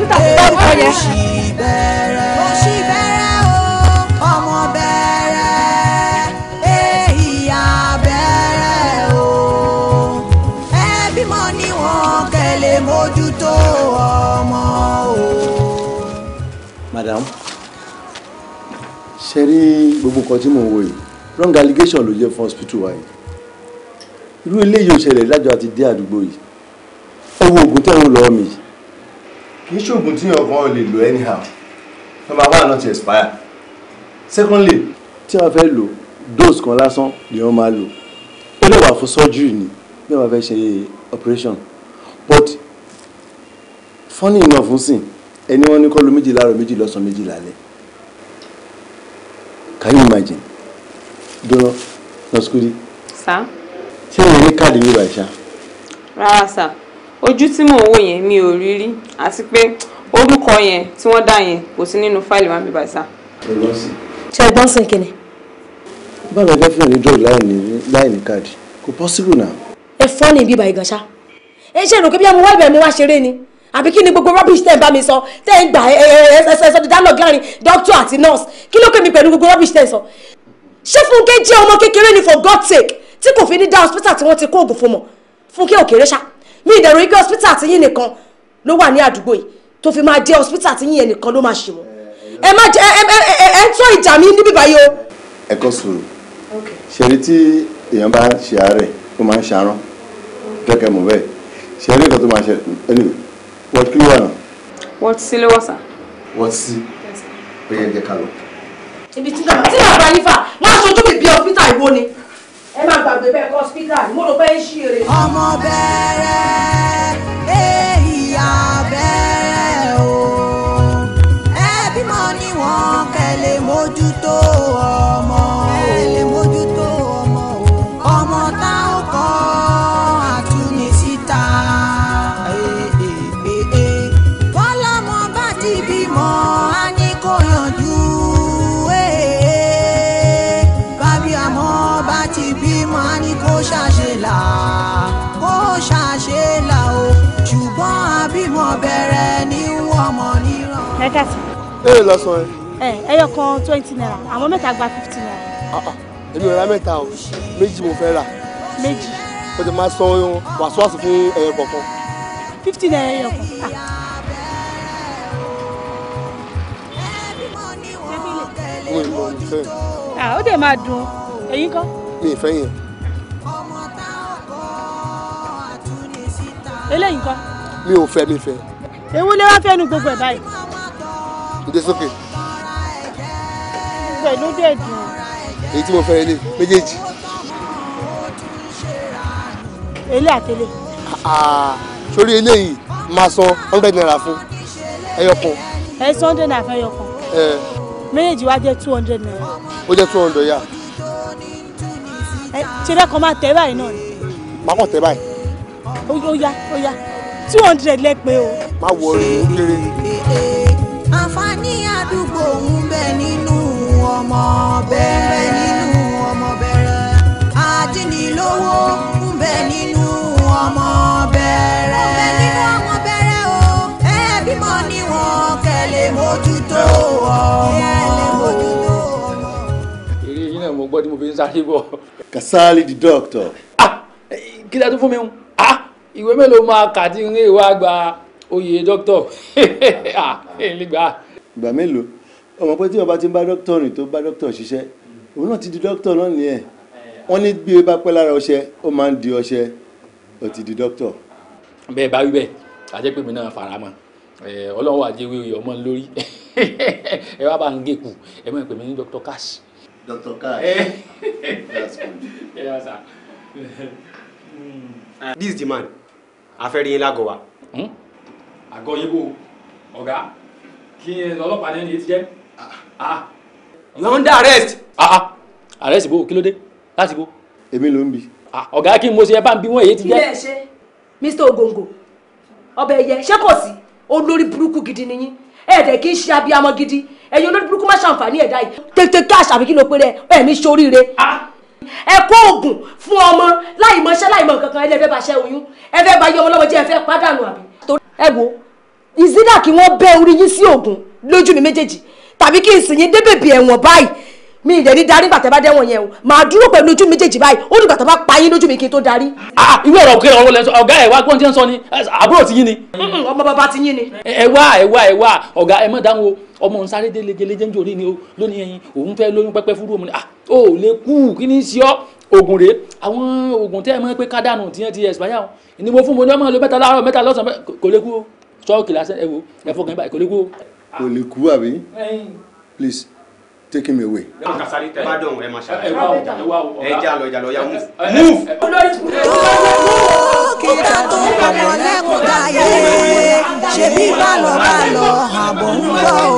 sísà eh, madam ṣe rí gbogbo nǹkan tí mò ń wò yìí wrong allegation ló jẹ́ fún hospital wa yìí irú eléyìí ò ṣẹlẹ̀ lájọ àti dé àdúgbò yìí owó oògùn tẹ̀wọ̀n lọ́ọ́ mi yìí kì í ṣoògùn tí ọ̀gbọ́n lè lò anyhow number one not expire secondly tí wọ́n fẹ́ lò dose kan lásán ni wọ́n máa lò ó lè wà fún surgery ni bí wọ́n fẹ́ ṣe operation but funny enough ń sìn ẹni wọ́n ní kó lo méjì láàárọ̀ méjì lọ́sàn-án méjì lálẹ́ can you imagine dúró lọ sukuri. sá. ṣé ìyẹn ní káàdì yìí wà ṣá. rárá sá ojú tí mò ń wò yẹn mi ò rí rí àti pé orúkọ yẹn tí wọ́n dá yẹn kò sí nínú fáìlì wa bíbá sá. ṣe é gbọ́n sìn kìnnì. báwo la fẹ́ fún ẹni dúró láìní káàdì kò possible náà. ẹ fọ́ ní bíbá ìgànṣá ẹ ṣe rò pé bí ọmọ wá ibẹ̀ mo wá ṣeré ni àbí kí ni gbogbo rubbish tẹ́ ẹ̀ bá mi sọ tẹ́ ẹ̀ ń gbà ẹsẹ̀ sọ dialogue láàrin doctor àti nurse kí ló pè mí pẹ̀lú gbogbo rubbish tẹ́ ẹ̀ sọ. ṣé Fúnkẹ́ for God's sake tí kò fi ní dá hospital tí wọ́n ti kó oògùn fún mọ̀ Fúnkẹ́ òkèrè ṣáà mi ìdẹ̀rù igi hospital àti yín nìkan ló wà ní àdúgbò yìí tó fi máa jẹ́ hospital àti yín yẹn nìkan ló máa ṣe wọ́n ẹ má jẹ ẹ ẹ ẹ ń tọ́ ìjà mi níbí báyìí o. ẹ kọ́ sùúrù ṣèrí tí èèyàn bá ṣe àárẹ̀ ó máa ń ṣarán kẹ́kẹ́ mọ̀ bẹ́ẹ̀ ṣèrí nǹkan tó máa ṣe ẹni wọ́n kí ló wà náà. wọ́n ti sí lówó sà. wọ́n ti sí ó jẹ́ ká lọ. ibi tí bàbá yín fà wọ́n aṣojú mi bí hospital ìwọ ni ẹ má gbàgbé bẹ́ẹ̀ kọ́ spíkà mo rò pé ń ṣí eré. ọmọ bẹ̀rẹ̀ eh, ìyá bẹ̀rẹ̀ o ẹbí mọ́ ni wọ́n kẹ́lẹ́ mójútó ọ. ẹ lọ sọ ẹ. ẹ ẹyọ kan twenty naira àwọn mẹ́ta gba fifty naira. Ah, ah, èmi ò ra mẹ́ta o méjì mo fẹ́ rà. méjì. ó ti máa sọ wàsíwàsí fún ẹyọ kọ̀ọ̀kan. fifty naira ẹyọ kan. Ah. ó dẹ̀ máa dùn èyí kọ́. mi ì fẹ́ yẹn. eléyìí kọ́. mi ò fẹ́ mi fẹ́. èwo lè wá fẹ́nu gbogbo ẹ̀ báyìí dìde okay. ìgbà ló dẹ̀ dùn. èyí tí mo fẹ́ ilé méjèèjì. ilé àtẹlé. Ah, ah. sórí eléyìí máa san hundred naira fún ẹyọkan. ẹ san hundred naira fún ẹyọkan. méjèèjì wá jẹ́ two hundred naira. ó jẹ́ two hundred yà. ṣe lẹ́kọ̀ọ́ máa tẹ̀ báyìí náà ni. màá kàn tẹ̀ báyìí. ó yá ó yá two hundred lẹ pé o. má wọrí ó kéré àǹfààní àdúgbò ń bẹ nínú ọmọ bẹ̀rẹ̀ nínú ọmọ bẹ̀rẹ̀ àdínnílówó ń bẹ nínú ọmọ bẹ̀rẹ̀ ń bẹ nínú ọmọ bẹ̀rẹ̀ o ẹ bímọ níwọ̀n kẹlẹ mójútó ọmọ. eré yìí náà mo gbọ́ tí mo fi ń sáré bọ̀. Kasali the doctor. Ah, kí ni a tún fún mi? Ah, ìwé mélòó máa kà tí ń rí ìwà gba oyè dókítọ̀ nígbà. Ah, ìgbà mélòó ọmọ pé tí ọba ti ń bá dókítọ̀ rìn tó bá dókítọ̀ ṣiṣẹ́ òun náà ti di dókítọ̀ náà nìyẹn wọ́n ní bí e bá pẹ́ lára ọṣẹ ó máa ń di ọṣẹ ó ti di dókítọ̀. bẹ́ẹ̀ bá wí bẹ́ẹ̀ àjẹpẹ̀mí náà fara mọ́ ọlọ́run wà jẹ́ wíwí ọmọ lórí ẹ wá bá ń gé kù ẹ mọ̀ pé mi ní dr cash. dr cash eh. that's good. Yeah, sir. this is the man afẹ́rí yín lágọ̀wá. Hmm? àgọ́ yíbo ọ̀gá kí ọlọ́pàá ní ẹni yìí ti jẹ́. you are under arrest. Ah, ah. arrest bo kí ló dé láti bo. èmi ló ń bi. Ah, ọ̀gá kí mo ṣe ẹ bá ń bí wọ́n èyí ti jẹ́. ilé ẹ Mr. Ogongo ọbẹ̀ ẹ̀yẹ ṣé kò sí olórí burúkú gidi nìyí ẹ̀ẹ́dẹ̀ kì í ṣe abiyamọ gidi ẹ̀yin olórí burúkú má ṣàǹfààní ẹ̀dá yìí tètè cash àbí kí ló pé rẹ ẹ̀mí ṣoríire ẹ kó oògùn fún ọmọ láì mọṣẹ́ láì mọ nǹkan kan ẹ lè fẹ́ bá ṣẹ́ oyún ẹ fẹ́ bá yọ ọmọ lọ́wọ́ jẹ́ ẹ fẹ́ pàdánù àbí. ẹ wo ìsídà kí wọ́n bẹ́ orí yín sí ògùn lójú mi méjèèjì tàbí kí n sì yín dé bèbè ẹ̀wọ̀n báyìí mi ìdẹ̀ ní darí gbàtẹ́ bá dẹ́wọ̀n yẹn o màá dúró pẹ̀lú ojú méjèèjì báyìí ó dìgbà tó bá pa yín lójú mi kí n tó darí. ìwé ah, ah, ọ̀rọ̀ òkè ọ̀rọ̀ lẹ́sọ ọ̀gá ẹ̀ wá gbọ́n tí ń sọ ni àbúrò ti yín ni. ọmọ bàbá ti yín ni. ẹ wá ẹ wá ẹ wá ọ̀gá ẹ má dáhùn o ọmọ òun sáré délé gẹlẹ́jẹ́ nítorí ni o lónìí ẹyin òun fẹ́ lóyún pẹ́pẹ́ fúrú òmùnà ó lè kú kí ni sí ọ oògùn rèé àwọn oògùn tẹ́ ẹ mọ̀ pé kádànù tiẹ̀ ti expire ni mo fún mo ní ọmọ lọ mẹ́ta láàárọ̀ mẹ́ta lọ́sàn-án kò lè kú o chọ́ọ̀kì lásán ẹ wo ẹ fọkàn kò lè kú àbí please take him away. ẹ kasari tẹ ẹ bá dọ̀hún ẹ máa ṣàlàyé. ẹ wá lọ jà lọ ya move. move. kíkà tó ń bọ̀ lẹ́kùn dáyé ṣebí bálọ̀ àbọ̀ ń bọ̀ o.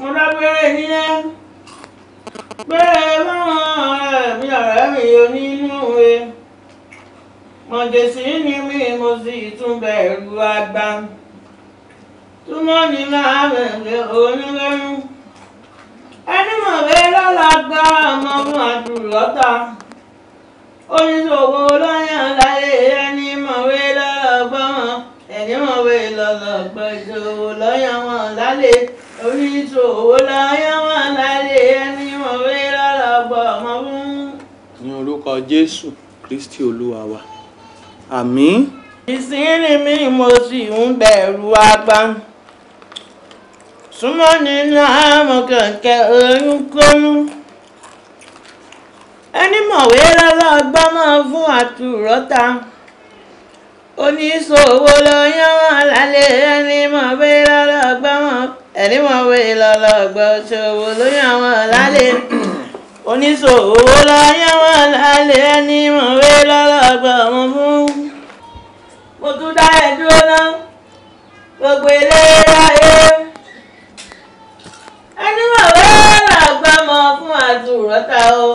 mo dábẹ́rẹ́ yín bẹ́ẹ̀ máa ẹ̀mí ọ̀rẹ́ mi yọ nínú rẹ̀ mọ̀jẹ̀sí ni mí mo sì tún bẹ̀rù àgbà túmọ̀ ní láàbẹ̀rẹ̀ onílẹ́rú ẹnìmọ̀wé lọ́làgbà ọmọọmọ àdúrọ́ta oníṣòwò lọ́yàn láyé ẹnìmọ̀wé lọ́lọ́gbà wọn ẹnìmọ̀wé lọ́lọ́gbà ìṣòwò lọ́yàn wọn lálé oníṣòwò lọ́yàn wọn lálé ẹnìmọ̀wé lọ́lọ́gbà ọmọ fún. ní orúkọ Jésù Kristi Olúwa wa àmín. ìsírí mi mo sì ń bẹ̀rù apá súnmọ́ nínú àmọ́ kẹ̀kẹ́ oyúnkóyún ẹni mọ̀wé lọ́lọ́gbọ́ máa fún àtúrọ́ta oníṣòwò ló wọn lálẹ́ ẹni mọ̀wé lọ́lọ́gbọ́ ẹni mọ̀wé lọ́lọ́gbọ́ ṣòwò ló wọn lálẹ́ oníṣòwò láyé wọn lálẹ́ ẹni mọ̀wé lọ́lọ́gbà ọmọ fún. mo tún dá ẹ dúró ná gbogbo eléré láyé ẹni mọ̀wé lọ́lọ́gbà ọmọ fún àtúrọ́ta o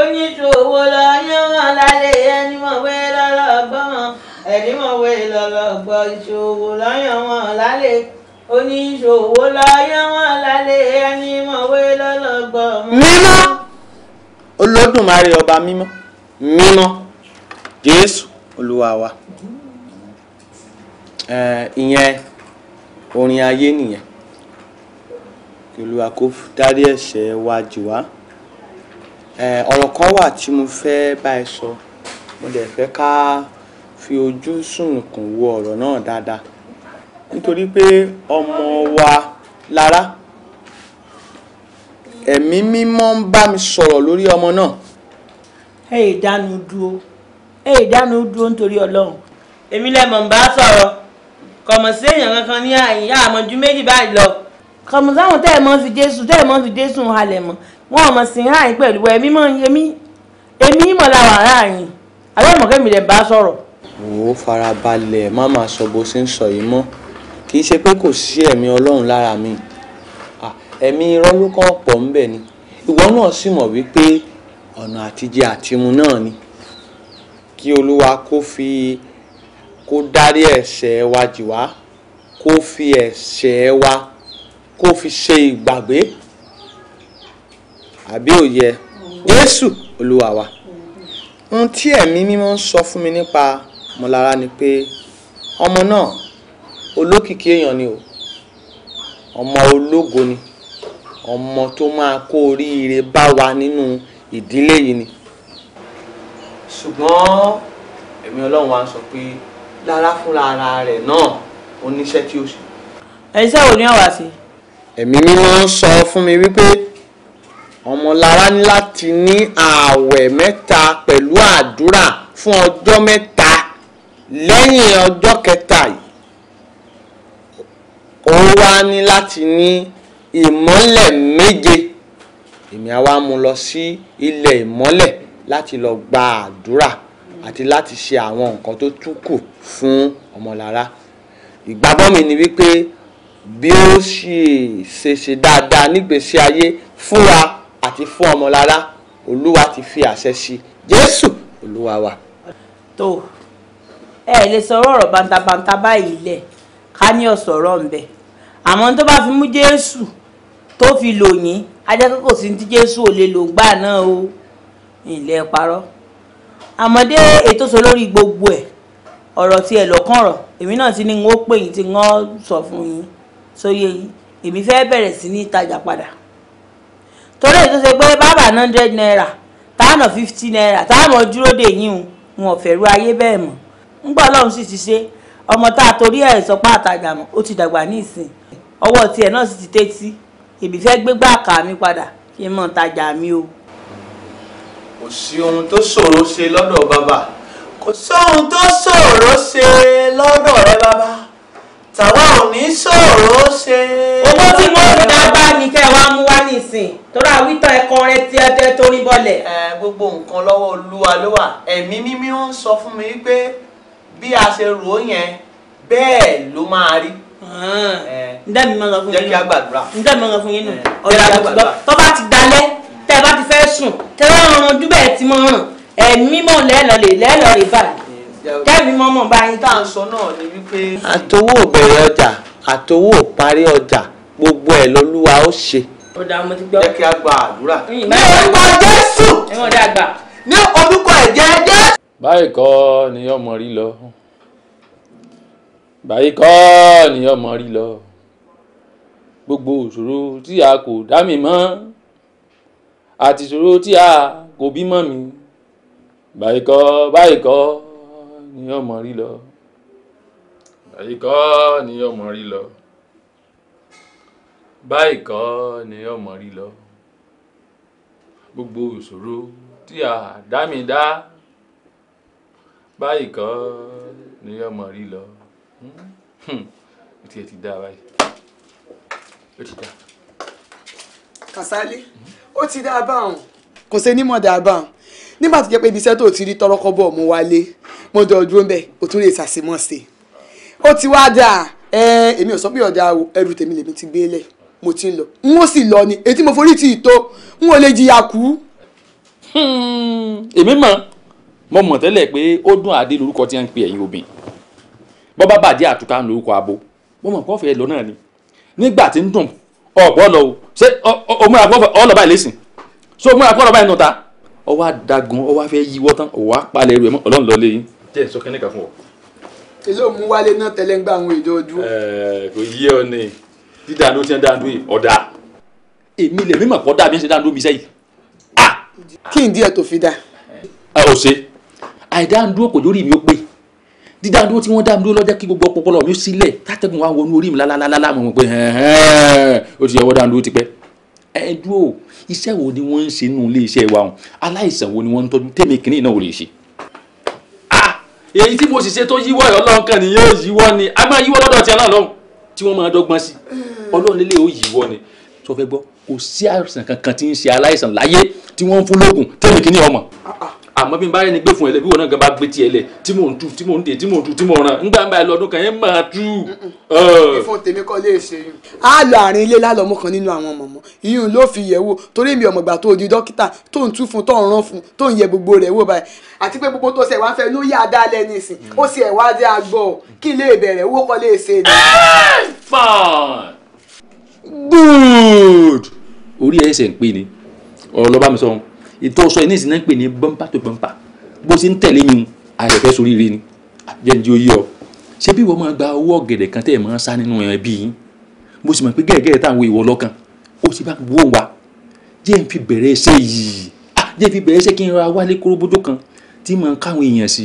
oníṣòwò láyé wọn lálẹ́ ẹni mọ̀wé lọ́lọ́gbà ọmọ ẹni mọ̀wé lọ́lọ́gbà ìṣòwò láyé wọn lálẹ́ oníṣòwò láyé wọn lálẹ́ ẹni mọ̀wé lọ́lọ́gbọ̀n. mímọ́ olódùmarè ọba mímọ́ mímọ́ jésù olúwa wa ìyẹn orin ayé nìyẹn kí olúwa kó dárí ẹ̀ṣẹ̀ wa jì wá ọ̀rọ̀ kan wà tí mo fẹ́ bá ẹ sọ mo dẹ̀ fẹ́ ká fi ojú sùnùkùn wo ọ̀rọ̀ náà dáadáa nítorí pé ọmọ wa lára ẹ̀mí mímọ́ ń bá mi sọ̀rọ̀ lórí ọmọ náà. ẹ ì dánu dúró ẹ ì dánu dúró nítorí ọlọ́run. èmi lẹ́mọ̀ ń bá sọ̀rọ̀ kọ̀mọ̀ sí èèyàn kankan ní àyà àmọ́jú méjì báyìí lọ. kọ̀mọ̀ sáwọn tẹ́ ẹ̀ mọ́ fi jésù tẹ́ ẹ̀ mọ́ fi jésù halẹ̀ mọ́ wọn ò mọ̀ sí àyìn pẹ̀lú ẹ̀mí mọ́ èmi èmi mọ̀ làwọn àárín àbẹ́ mọ̀kẹ́mi lẹ́ bá sọ̀rọ̀. wò ó farabalẹ̀ má máa sọ bó ṣe ń sọ yìí mọ́ kì í ṣe pé kò sí ẹ̀mí ọlọ́run lára mi ẹ̀mí irọ́ ló kọ́ pọ̀ ń bẹ̀ ni ìwọ náà sì mọ̀ wípé ọ̀nà àtijẹ àtimu náà ni kí olúwa kó fi kó dárí ẹ̀ṣẹ̀ wa jì wá kó fi ẹ̀ṣẹ̀ wa kó fi ṣe ìgbàgbé àbí òye Jésù olúwa wa ohun tí ẹ̀mí mímọ́ ń sọ fún mi nípa mọ̀lára ni pé ọmọ náà olókìkí èèyàn ni o ọmọ ológo ni ọmọ tó máa kó oríire bá wa nínú ìdílé yìí ni ṣùgbọ́n ẹ̀mí ọlọ́run wa ń sọ pé lára fúnra ara rẹ̀ náà oníṣẹ́ tí ó ṣe. ẹ̀ṣẹ́ wo ni àwa sí. ẹ̀mí mímọ́ ń sọ fún mi wípé ọmọlára ní láti ní ààwẹ̀ mẹ́ta pẹ̀lú àdúrà fún ọjọ́ mẹ́ta lẹ́yìn ọjọ́ kẹta yìí ó wá ní láti ní ìmọ́lẹ̀ méje èmi àwa mú lọ sí ilẹ̀ ìmọ́lẹ̀ láti lọ gba àdúrà àti láti ṣe àwọn nǹkan tó tún kù fún ọmọlára ìgbàgbọ́ mi ni wípé bí ó ṣe ṣe ṣe dáadáa nígbésí ayé fún wa àti fún ọmọlára olúwa ti fi àṣẹ sí jésù olúwa wa. tó ẹ lè sọ ọ̀rọ̀ bàǹtàbàǹtà báyìí lẹ̀ ká ní ọ̀sọ̀rọ̀ ńbẹ àmọ́ tó bá fi mú jésù tó fi lò yín ajá pé kò sí ní tí jésù ò lè lò gbà náà o ilẹ̀ parọ́ àmọ́dé ètò sọ lórí gbogbo ẹ̀ ọ̀rọ̀ tí ẹ̀ lọ́kànrọ̀ èmi náà ti ní n ó pè yín tí n sọ fún yín sóye yín èmi fẹ́ bẹ̀rẹ̀ sí ní ìtajà padà torí ètò ṣe pé bàbá hundred naira táànà fifty naira táàmù dúró dè yín o wọn ò fẹ́ ru ayé bẹ́ẹ̀ mọ́ ńgbà ọlọ́run sì ti ṣe é ọmọ tá a torí ẹ̀ sọ pé àtajà mọ́ ó ti dàgbà ní ìsìn ọwọ́ tiẹ̀ náà sì ti tẹ́tí èmi fẹ́ gbégbá àkà mi padà kí n mọ̀ tajà mi o. kò sí ohun tó ṣòro ṣe lọ́dọ̀ bàbá kò sí ohun tó ṣòro ṣe lọ́dọ̀ rẹ bàbá tàwa ò ní ṣòro ṣe. owó tí mo ń dá bá ní kẹ́ wàá mú wá nísìn tọ́ra wítàn ẹ̀kọ́ rẹ tí ẹ tẹ́ torí bọ́lẹ̀. gbogbo nǹkan lọ́wọ́ olúwa ló wà ẹ̀mí mímí ń sọ fún mi pé bí a ṣe rò ó yẹn bẹ́ẹ̀ ló máa rí ǹdẹ́ ah. mi máa lọ fún yín nù jẹ́ mi máa lọ fún yín nù ọ̀rẹ́ àgbàgbọ́ tó bá ti dalẹ̀ tẹ́ ẹ bá ti fẹ́ sùn tẹ́ ẹ rán ọ̀ràn dúbẹ̀ tí mo ràn ẹ̀mí mọ̀ lẹ́ẹ̀lọ́lẹ̀ lẹ́ẹ̀lọ́lẹ̀ báyìí kẹ́mi mọ́ mọ́ báyìí tá à ń sọ náà ni wípé. àtowó bẹ̀rẹ̀ ọjà àtowó parí ọjà gbogbo ẹ̀ lọ́lúwa ó ṣe. ó dáa ti gbọ́. jẹ́ kí a gba àdúrà. ní orúkọ báyìí kọ́ ni ọmọ rí lọ báyìí kọ́ ni ọmọ rí lọ gbogbo ìṣòro tí a kò dá mi mọ́ àti ìṣòro tí a kò bí mọ́ mi báyìí kọ́ báyìí kọ́ ni ọmọ rí lọ báyìí kọ́ ni ọmọ rí lọ báyìí kọ́ ni ọmọ rí lọ gbogbo ìṣòro tí a dá mi dá. Da báyìí kọ́ ni ọmọ rí lọ etí hmm. ẹ ti dá báyìí ó ti dá. Kàsálí ó ti dá báwọn kò ṣe ní mọ̀dà báwọn nígbà tó jẹ́ pé ibi iṣẹ́ tó ti rí tọ́rọ́kọ́bọ̀ mo wálé mo jọ dúró mbẹ́ o tún lè ṣàṣemọ́ sí i ó ti wá dáa èmi ò sọ pé ọ̀dà ẹrù tèmi lèmi ti gbé lẹ̀ mo ti ń lọ n ó sì lọ ni èyí tí mo forí ti ì tó n ò lè jìyà kú. Hmm. èmi mọ̀ mo mọ̀ tẹ́lẹ̀ pé ó dùn àdé lórúkọ tí wọ́n ń pe ẹ̀yin obìn bọ́ bá bàjẹ́ abo mo mọ̀ kọ́ lọ náà ni nígbà tí ń dùn ọ̀pọ̀ lọ o ṣé ọ múra ṣé múra fẹ́ yíwọ́ tán ọlọ́run lọ jẹ́ ìsọ kẹ́ni kan fún ọ. èso mú wálé ni dídá ló ti ń ọ̀dà. èmi lè mímọ̀ kọ́ dà bí mi sẹ́yìn. Ah! kí n tó fi dá. ẹ ah, ò ṣe àìdáǹdúró kò lórí mi ó pé dídáǹdúró tí wọ́n dá mi dúró lọ́jọ́ kí gbogbo ọpọlọ mi sílẹ̀ tátẹ́gùn wa wọnú orí mi lálálálá mo mọ̀ pé ó ti yẹ wọ́n dáǹdúró tipẹ́ ẹ dúró iṣẹ́ wo ni wọ́n ń ṣe nínú ilé iṣẹ́ wa aláìsàn wo ni wọ́n ń tọ́jú tèmi kìnìún náà ò lè ṣe ah! èyí tí mo sì ṣe tó yíwọ́ ẹ̀ ọlọ́run kan nìyẹn ò yíwọ́ ni a máa yíwọ́ lọ́dọ̀ tí ọlọ́run àmọ́ bí n bá rẹ̀ ní gbé fún ẹ lẹ̀ bí wọn náà gan bá gbé tiẹ̀ lẹ̀ tí mò ń tu tí mò ń tè tí mò ń tu tí mò ń ràn ńgbà ń bá ẹ lọ́dún kan yẹn máa tu. ìfún tèmi kọ́ lè ṣe yun. a lọ àárín ilé lálọ́mọ kan nínú àwọn mọ̀mọ́ iyùn ló fi yẹ̀ wò torí mi ọ̀mọ̀gbà tó di dókítà tó ń tú fún tó ń rán fún tó ń yẹ gbogbo rẹ̀ wò báyìí àti pé gbogbo tó ṣe wá fẹ́ ló yá dá lẹ́nu ìsìn ó ṣe ẹ̀wá dé agbọ́ kí ilé ìbẹ̀rẹ̀ owó kọ́ lè ṣe ni. good orí ẹ̀ ṣe ń pè ní ọ̀rọ̀ lọ́ba mi sọ̀rọ̀ ìtọ́ sọ iná ìsìn náà ń pè ní bọ́ńpà tó bọ́ńpà bó ti ń tẹ̀lé yín àyẹ̀fẹ́ sórí ire ni jẹ́njí ó yí ọ. ṣé bí wọ́n máa gba owó ọ̀gẹ̀dẹ̀ kan tẹ́ ẹ̀ máa ń sá nínú ẹ̀ bí yín mo sì mọ̀ pé gẹ́gẹ́ táwọn ìwọ lọ́kàn ó ti bá wọ́n wa jẹ́ n fi bẹ̀rẹ̀ iṣẹ́ yìí ah, jẹ́ n fi bẹ̀rẹ̀ iṣẹ́ kí n ra wálé kóróbódó kan tí mò ń káwọn èèyàn sí.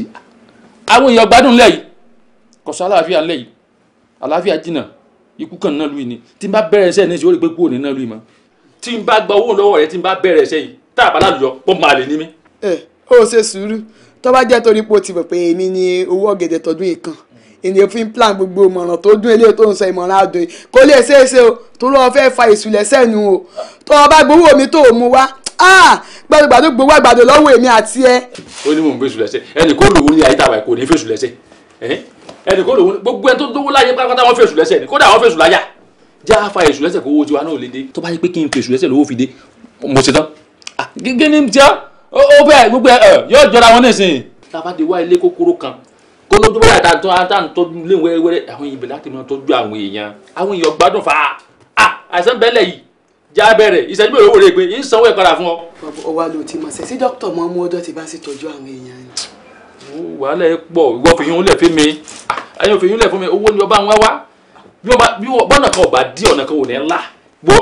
Ah, àwọn èèyàn gbádùn lẹ́yìn kọ̀sọ́ aláàfíà lẹ́yìn aláàfíà jìnnà ikú kan náà lùi ni tí n bá bẹ̀rẹ̀ iṣẹ́ ní ìṣòro ìpẹ́kù òní náà lùi mọ́ tí n bá gba owó lọ́wọ́ rẹ tí n bá bẹ̀rẹ̀ iṣẹ́ yìí tá a bá lálùyọ pọ́ máa lè ní mí. ẹ ó ṣe sùúrù tó bá jẹ́ torí pé o ti mọ̀ pé èmi ni owó ọ̀gẹ̀dẹ̀ tọdún yìí kan ènìyàn fi ń plan gbogbo ìmọ̀ràn tó dún eléyìí tó ń sọ ìmọ̀ràn àdùn yìí kó lè ṣe é ṣe o tó lọ́ọ́ fẹ́ fa ìsúlẹ̀ sẹ́nu o tó o bá gbowó mi tó o mú wá gbàdúgbàdú gbowó àgbàdo lọ́wọ́ èmi àti ẹ. ó ní mò ń fèsù lẹ́sẹ̀ ẹnì kó lòun ní ayé tàbá kò ní fèsù lẹ́sẹ̀ ẹnì kó lòun gbogbo ẹni tó dówó láyé pátápátá wọn fèsù lẹ́sẹ̀ ni kódà wọn fèsù láyà já fa èsù lẹ́sẹ̀ kó owó tiwa náà lè dé tó bá yẹ pé kí n fèsù lẹ́sẹ̀ lówó fi dé mo ṣetán gígé ní tíá ó bẹ́ẹ̀ gbogbo ẹ̀ yóò jọra wọn nísìnyí. tába ti wá ilé kókóró kan kó lójú bá yàtọ̀ àtọ́ àtàntọ́ lé wẹ́rẹ́wẹ́rẹ́ àwọn èèyàn bẹ̀rẹ̀ láti máa tọ́jú àwọn èèyàn àwọn èèyàn gbádùn fa àìsàn bẹ́lẹ̀ yìí já bẹ̀rẹ̀ ìṣẹ́jú bẹ̀rẹ̀ owó rẹ̀ pé ń sanwó ẹ̀ padà fún ọ. ọwọ́ ló ti mọ̀ sẹ́sí dókítà mọ́ mú ọjọ́ ti bá sì tọ́jú àwọn èèyàn ni. wàhálà ẹ pọ̀ ìwọ fìyún lẹ̀ fún mi ẹ̀yin òfin yín lẹ̀ fún mi owó ni ọba ń wá wá bí ọba bí ọba náà kan ọba dí ọ̀nà kan ò ní ńlá gbó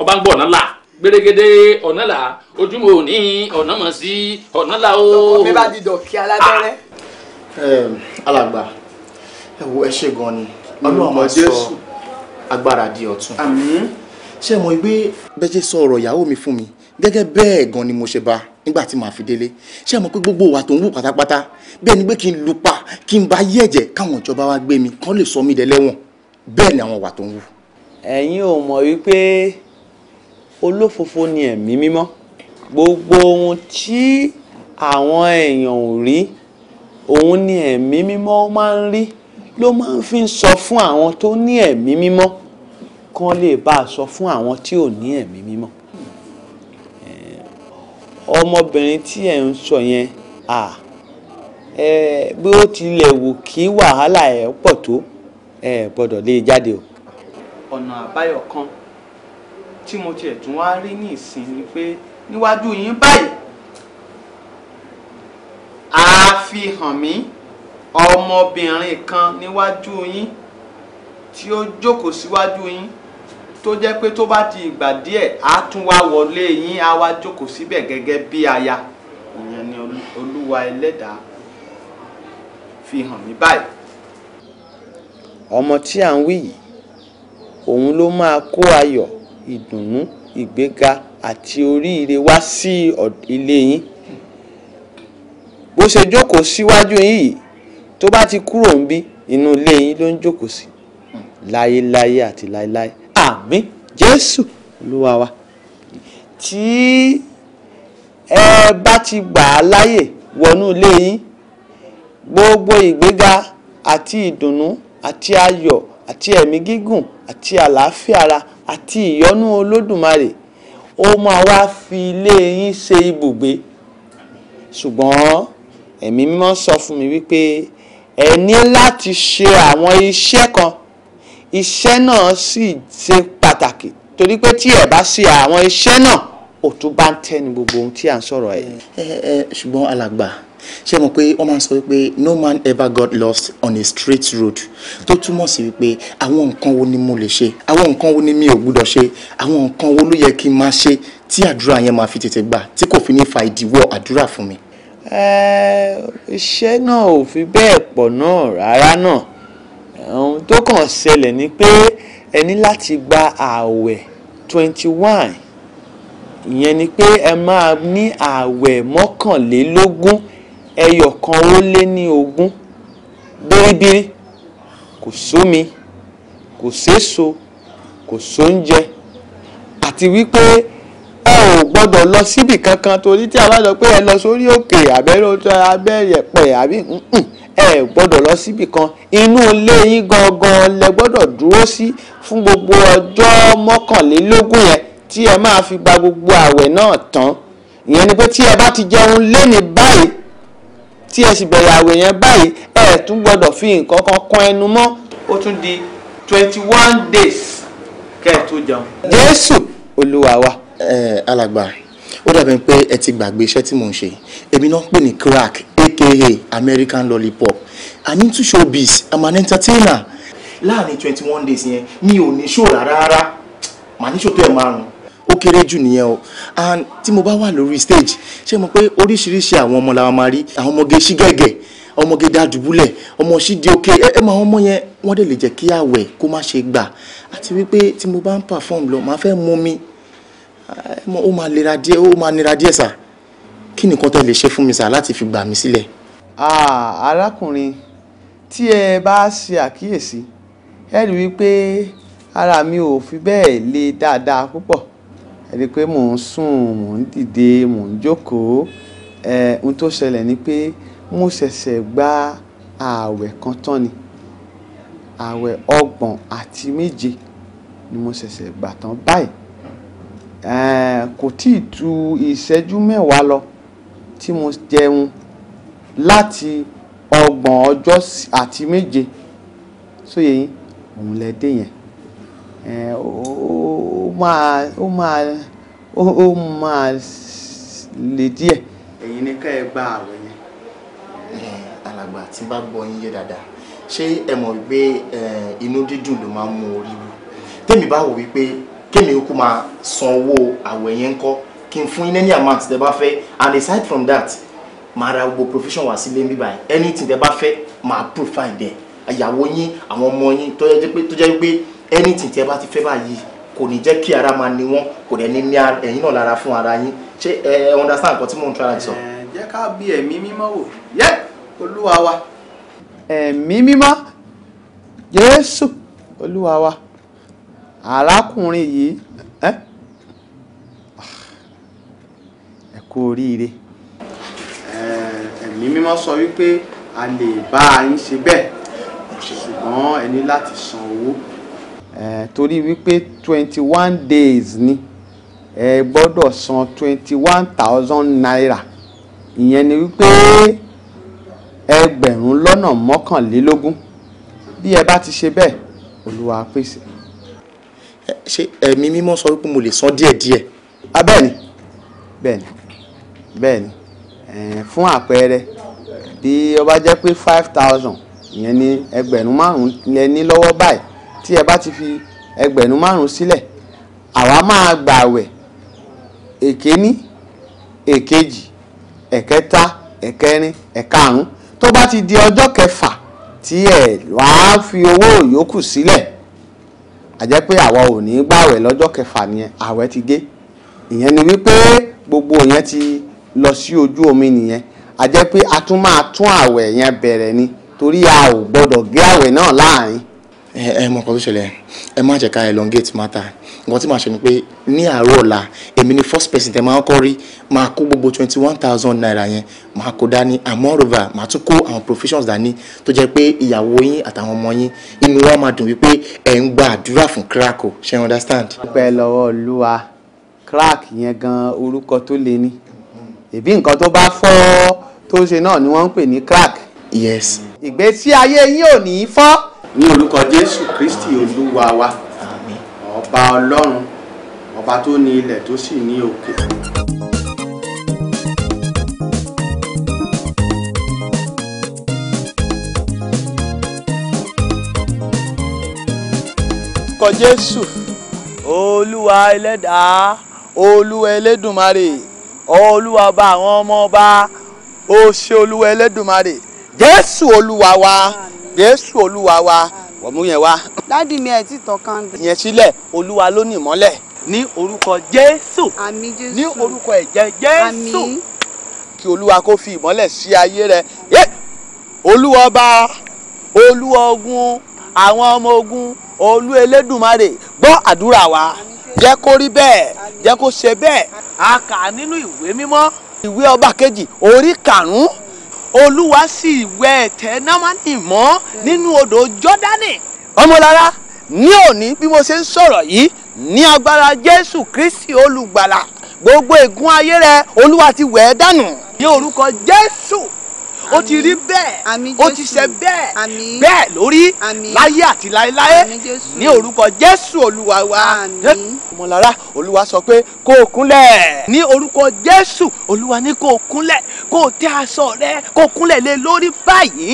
ọba ń gbọ́ ọ̀nà ńlá gbèrègèdè ọ̀nà là ojúmọ̀ òní ọ̀nà mọ̀ sí ọ̀nà là o. ọkọ mi bá di dọ̀kí alábẹ́rẹ́. alàgbà ẹ wo ẹ ṣe gan ni ọlọ́run máa sọ agbára di ọ̀tun. àmín. ṣé mo gbé bẹ́jẹ̀ sọ ọ̀rọ̀ ìyàwó mi fún mi gẹ́gẹ́ bẹ́ẹ̀ gan ni mo ṣe bá nígbà tí màá fi délé ṣé mo pé gbogbo wa tó ń wù pátápátá bẹ́ẹ̀ ni pé kí n lupa kí n bá yẹ̀jẹ̀ káwọn ìjọba wa gbé mi kán lè sọ mí dẹ́lẹ́wọ̀n bẹ́ẹ̀ ni àwọn wà tó ń wù. ẹ̀yin ò mọ̀ wípé olófòfo ni ẹ̀mí mímọ́ gbogbo ohun tí àwọn èèyàn ò rí òun ni ẹ̀mí mímọ́ máa ń rí ló máa ń fi ń sọ fún àwọn tó ní ẹ̀mí mímọ́ kán lè bá a sọ fún àwọn tí ò ní ẹ̀mí mímọ́ ọmọbìnrin tí ẹ̀ ń sọ yẹn à bí ó tilẹ̀ wù kí wàhálà ẹ̀ pọ̀ tó ẹ gbọ́dọ̀ lè e jáde o. ọ̀nà àbáyọ kan tí mo tiẹ̀ tún wá rí ní ìsìn ni pé níwájú yín báyìí a fi hàn mí ọmọbìnrin kan níwájú yín tí ó jókòó síwájú yín tó jẹ́ pé tó bá ti ìgbà díẹ̀ á tún wá wọlé yín á wá jókòó síbẹ̀ gẹ́gẹ́ bí aya ìyẹn ni olúwa ẹlẹ́dàá fi hàn mí báyìí. ọmọ tí à ń wí yìí òun ló máa kó ayọ̀ ìdùnnú ìgbéga àti oríire wá sí ilé yín bó ṣe jókòó síwájú yìí tó bá ti kúrò ń bí inú ilé yín ló ń jókòó sí láyéláyé àti láyéláyé àmín jésù olúwa wa tí ẹ bá ti gbà á láyè wọnú ilé yín gbogbo ìgbéga àti ìdùnnú àti ayọ̀ àti ẹ̀mí gígùn àti àlàáfíà ara àti ìyọ́nú olódùmarè ó máa wá fi ilé yín ṣe ibùgbé ṣùgbọ́n ẹ̀mí mímọ́ sọ fún mi wípé ẹ ní láti ṣe àwọn iṣẹ́ kan iṣẹ́ náà sì ṣe pàtàkì torí pé tí ẹ bá ṣe àwọn iṣẹ́ náà òtún bá ń tẹ́ni gbogbo ohun tí à ń sọ̀rọ̀ ẹ̀. ṣùgbọ́n alàgbà ṣé mo pé wọ́n máa ń sọ wípé no man ever got lost on a straight road tó túmọ̀ sí wípé àwọn nǹkan wo ni mo lè ṣe àwọn nǹkan wo ni mi ò gbúdọ̀ ṣe àwọn nǹkan wo ló yẹ kí n máa ṣe tí àdúrà yẹn máa fi tètè gbà tí kò fi ní fa ìdíwọ́ àdúrà fún mi. iṣẹ́ náà ò fi bẹ́ẹ̀ pọ̀ náà rárá náà ohun tó kàn ṣẹlẹ̀ ni pé ẹ ní láti gba ààwẹ̀ twenty one ìyẹn ni pé ẹ máa ní ààwẹ̀ mọ́kànlélógún ẹyọ kan ó lé ní ogún bíríbírí kò sómi kò séso kò sóúnjẹ àti wípé ẹ ò gbọ́dọ̀ lọ síbì kankan torí tí a bá lọ pé ẹ lọ sórí òkè abẹ́rẹ́ ojú abẹ́rẹ́ pẹ̀ àbí ẹ gbọ́dọ̀ lọ síbì kan inú ilé yín gangan lẹ gbọ́dọ̀ dúró sí fún gbogbo ọjọ́ mọ́kànlélógún yẹn tí ẹ máa fi gba gbogbo àwẹ̀ náà tán ìyẹn ni pé tí ẹ bá ti jẹun lé ní báyìí tí ẹ sì bẹ̀rẹ̀ àwẹ̀ yẹn báyìí ẹ tún gbọ́dọ̀ fi nǹkan kan kan ẹnu mọ́ ó tún di twenty one days kẹ́ ẹ tó jẹun. jésù olúwa wa. ẹ alàgbà ó dàbí pé ẹ ti gbàgbé iṣẹ́ tí mò ń ṣe èmi náà pè ní crack aka american lollipop i'm into showbiz i'm an entertainer láàrin twenty one days yẹn mi ò ní ṣó rárá rárá màá ní ṣó ẹ̀ márùn-ún ó kéré jù nìyẹn o and tí mo bá wà lórí stage ṣé mo pé oríṣiríṣi àwọn ọmọ làwọn máa rí àwọn ọmọge ṣígẹ̀gẹ̀ ọmọge dàdúbúlẹ̀ ọmọ ṣídìí òkè ẹ ẹ máa ọmọ yẹn wọ́n dẹ̀ lè jẹ́ kí àwẹ̀ kó má ṣe gbà àti wípé tí mo bá ń perform lọ màá fẹ́ mú mi ó máa lera díẹ̀ ó máa nira díẹ̀ sà kí nìkan tẹ́ lè ṣe fún mi sà láti fi gbà mí sílẹ̀. arákùnrin tí ẹ bá ṣe àkíyèsí ẹ rí i wípé ara mi ò fi bẹ́ẹ̀ le dáadáa púpọ̀ ẹ rí i pé mò ń sùn mò ń dìde mò ń jókòó ẹ ohun tó ṣẹlẹ̀ ni pé mo ṣẹ̀ṣẹ̀ gba ààwẹ̀ kan tán ni ààwẹ̀ ọgbọ̀n àti méje ni mo ṣẹ̀ṣẹ̀ gbà tán báyìí kò tí ì tu ìṣẹ́jú mẹ́wàá lọ tí mo jẹun láti ọgbọ̀n ọjọ́ àti méje sóye yín òun lẹ dé yẹn ó eh, máa ó máa ó máa lè díẹ̀. ẹ̀yin ni ká ẹ gba àwẹ̀ yẹn. Eh, alàgbà tí bá gbọ́ yín yé dáadáa ṣé ẹ mọ̀ wípé eh, inú dídùn ló máa ń mú orí wú tèmi bá wò wípé kémi kúkú máa san owó àwẹ̀ yẹn ńkọ́ kí n fún yín ní any amount tẹ́ bá fẹ́ and aside from that máa ra gbogbo profession wá sílé mi báyìí anything tẹ́ bá fẹ́ máa provide ẹ̀ àyàwó yín àwọn ọmọ yín tó jẹ́ pé tó jẹ́ pé anything tí ẹ bá ti fẹ́ báyìí kò ní jẹ́ kí ara máa ní wọ́n kò dẹ̀ ní ní ẹ̀yìn náà lára fún ara yín ṣé ẹ understand nǹkan tí mò ń try láti sọ. jẹ́ ká bí ẹ̀mí mímọ́ wò yẹ olúwa wa. ẹ̀mí mímọ́ jésù olúwa wa arákùnrin yìí ẹ kú oríire. ẹ̀mí mímọ́ sọ wípé a lè bá a yín ṣe bẹ́ẹ̀ ṣùgbọ́n ẹ láti san owó torí wípé twenty one days ni ẹ gbọ́dọ̀ san twenty one thousand naira ìyẹn ni wípé ẹgbẹ̀rún lọ́nà mọ́kànlélógún bí ẹ bá ti ṣe bẹ́ẹ̀ olúwa pèsè. ṣé ẹ̀mí mímọ́ sọ wípé mo lè san díẹ̀díẹ̀. abẹ́ẹ̀ni ah, bẹ́ẹ̀ni bẹ́ẹ̀ni fún àpẹẹrẹ bí ó bá jẹ́ pé five thousand ìyẹn ni ẹgbẹ̀rún márùn-ún lẹ ní lọ́wọ́ báyìí tí ẹ bá ti fi ẹgbẹ̀rún márùn-ún sílẹ̀ àwa máa gbààwẹ̀ èkéní èkejì ẹ̀kẹta ẹ̀kẹrin ẹ̀karùn-ún tó bá ti di ọjọ́ kẹfà tí ẹ wàá fi owó yòókù sílẹ̀ a pé àwa ò ní gbààwẹ̀ lọ́jọ́ kẹfà nìyẹn àwẹ̀ ti dé ìyẹn ni wípé gbogbo yẹn ti lọ sí ojú omi nìyẹn a pé a tún máa tún àwẹ̀ yẹn bẹ̀rẹ̀ ni torí a ò gbọ́dọ̀ gé àwẹ̀ náà láàrin ẹ mọ nǹkan tó ṣẹlẹ̀ ẹ má jẹ́ ká elongate matter nǹkan tí màá ṣe ni pé ní àárọ̀ ọ̀la èmi ni first person tẹ máa kọ́ rí máa kó gbogbo twenty one thousand naira yẹn máa kó dání àmọ́ rọ̀bà màá tún kó àwọn professions dání tó jẹ́ pé ìyàwó yín àtàwọn ọmọ yín inú wa máa dùn wípé ẹ̀ ń gba àdúrà fún crack o ṣe understand. ọpẹ́ lọ́wọ́ olúwa crack yẹn gan orúkọ tó le ni ẹbí nǹkan tó bá fọ́ tó ṣe náà ni wọ́n ń pè ní crack. yes. ìgbésí ayé yín ò ní í fọ́ ní orúkọ jésù kristi olúwa wa ọba ọlọ́run ọba tó ní ilẹ̀ tó sì ní òkè. orúkọ jésù olúwa ẹlẹ́dàá olúwa ẹlẹ́dùnmarè olúwa ọba àwọn ọmọ ọba ó ṣe olúwa ẹlẹ́dùnmarè jésù olúwa wa. Amen jésù olúwa wa wọ̀mú yẹn wá. dádì mi ẹ̀ tí tọ́kàn dé. yẹn sílẹ̀ olúwa ló ní ìmọ́lẹ̀ ní orúkọ jésù àmín jésù ní orúkọ ẹ̀jẹ̀ jésù àmín kí olúwa kó fi ìmọ́lẹ̀ sí ayé rẹ yé olúwa ọba olúwa ogun àwọn ọmọ ogun olú elédùmarè gbọ́ àdúrà wa jẹ́ kó rí bẹ́ẹ̀ jẹ́ kó ṣe bẹ́ẹ̀ a kà nínú ìwé mímọ́ ìwé ọba kejì orí karùn-ún olúwa sì wẹ ẹ̀tẹ̀ námánì mọ́ nínú odò jọ́dánì. ọmọlára ní òní bí mo ṣe ń sọ̀rọ̀ yìí ní agbára jésù kristi olùgbàlà gbogbo ègún ayé rẹ olúwa ti wẹ̀ ẹ́ dànù. ní orúkọ jésù ó ti rí bẹ́ẹ̀ ó ti ṣe bẹ́ẹ̀ bẹ́ẹ̀ lórí láyé àti láéláé ní orúkọ jésù olúwa wa ọmọlára olúwa sọ pé kó o kúnlẹ̀ ní orúkọ jésù olúwa ní kó o kúnlẹ̀ kó o tẹ́ aṣọ rẹ kó o kúnlẹ̀ lé lórí báyìí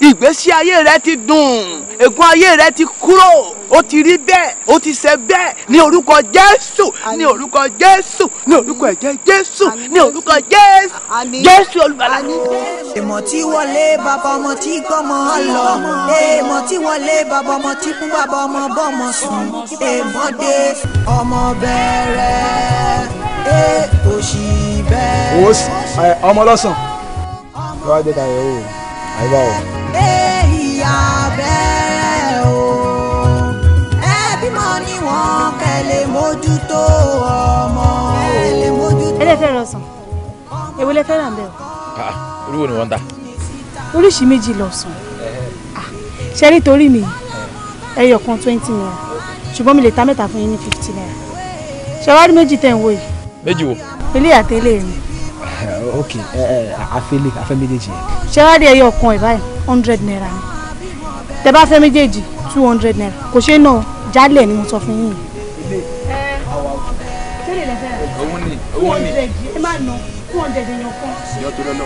ìgbésí ayé rẹ ti dùn ègún ayé rẹ ti kúrò ó ti rí bẹ́ẹ̀ ó ti ṣe bẹ́ẹ̀ ní orúkọ jésù ní orúkọ jésù ní orúkọ ẹ̀jẹ̀ jésù ní orúkọ jésù jésù olùbàlà. èmọ̀ tí wọlé bàbá ọmọ tí gbọ́mọ lọ èmọ̀ tí wọlé bàbá ọmọ tí kún bàbá ọmọ bọ́mọ sùn èmọ̀ dé ọmọ bẹ̀rẹ̀ ẹ òṣì bẹ́ẹ̀. ọmọ lọ́sàn-án lọ́wọ́ dé dayọ̀ o àyíká o. ìyá bẹ̀rẹ̀ o ẹbí mọ ni wọn kẹ lè mójútó ọmọ o. ẹlẹ́fẹ̀ rẹ sàn èwo lẹ fẹ́ rà bẹ́ẹ̀ o. Ah, ah, irú wo ni wọ́n ń ta. oríṣìí méjì lọ sàn ah, ṣe rí torí mi ẹyọ kan twenty naira ṣùgbọ́n mi lè ta mẹ́ta fún yín ní fifty naira ṣe wá rí méjì tẹ̀ ń wò yìí. méjì wo. ilé àtẹlé Eh, ok àfẹlẹ eh, eh, àfẹ méjèèjì yẹn. ṣé wàá di ẹyọ ọ̀kan ẹ báyìí hundred naira ni tẹ bá fẹ́ méjèèjì two hundred naira kò ṣe náà jálẹ̀ ni mo sọ fún yín. owó ni owó ni ẹ two hundred èèyàn kan. ìyá tó lọ lọ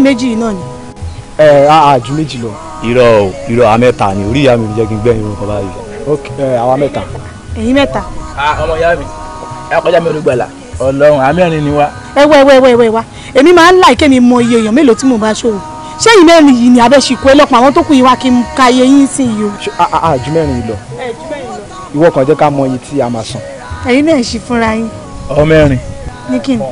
méjì yìí náà ni. ẹ a ju méjì lọ. irọ́ irọ́ àmẹ́ta ni orí ìyá mi jẹ́ kí n gbẹ́yìn orúkọ báyìí. ok àwa mẹ́ta ẹ̀yin mẹ́ta. ọmọ ìyá mi ẹ kọjá mi olùgbàlà ọlọ́run àmẹ́rin ni wá. ẹ wá ẹ wá ẹ wá ẹ wá èmi máa ń láìké mi mọ iye èèyàn mélòó tí mo bá ṣòwò ṣé yìí mẹ́rin yìí ni abẹ́sìkò ẹlọ́pàá àwọn tó kù yìí wá kí n ka iye yín sí iye o. àjù mẹ́rin yìí lọ ìwọ kan jẹ́ ká mọ iye tí a máa san. ẹ̀yin náà ṣì fúnra yín. ọmọ mẹ́rin. ní kí ni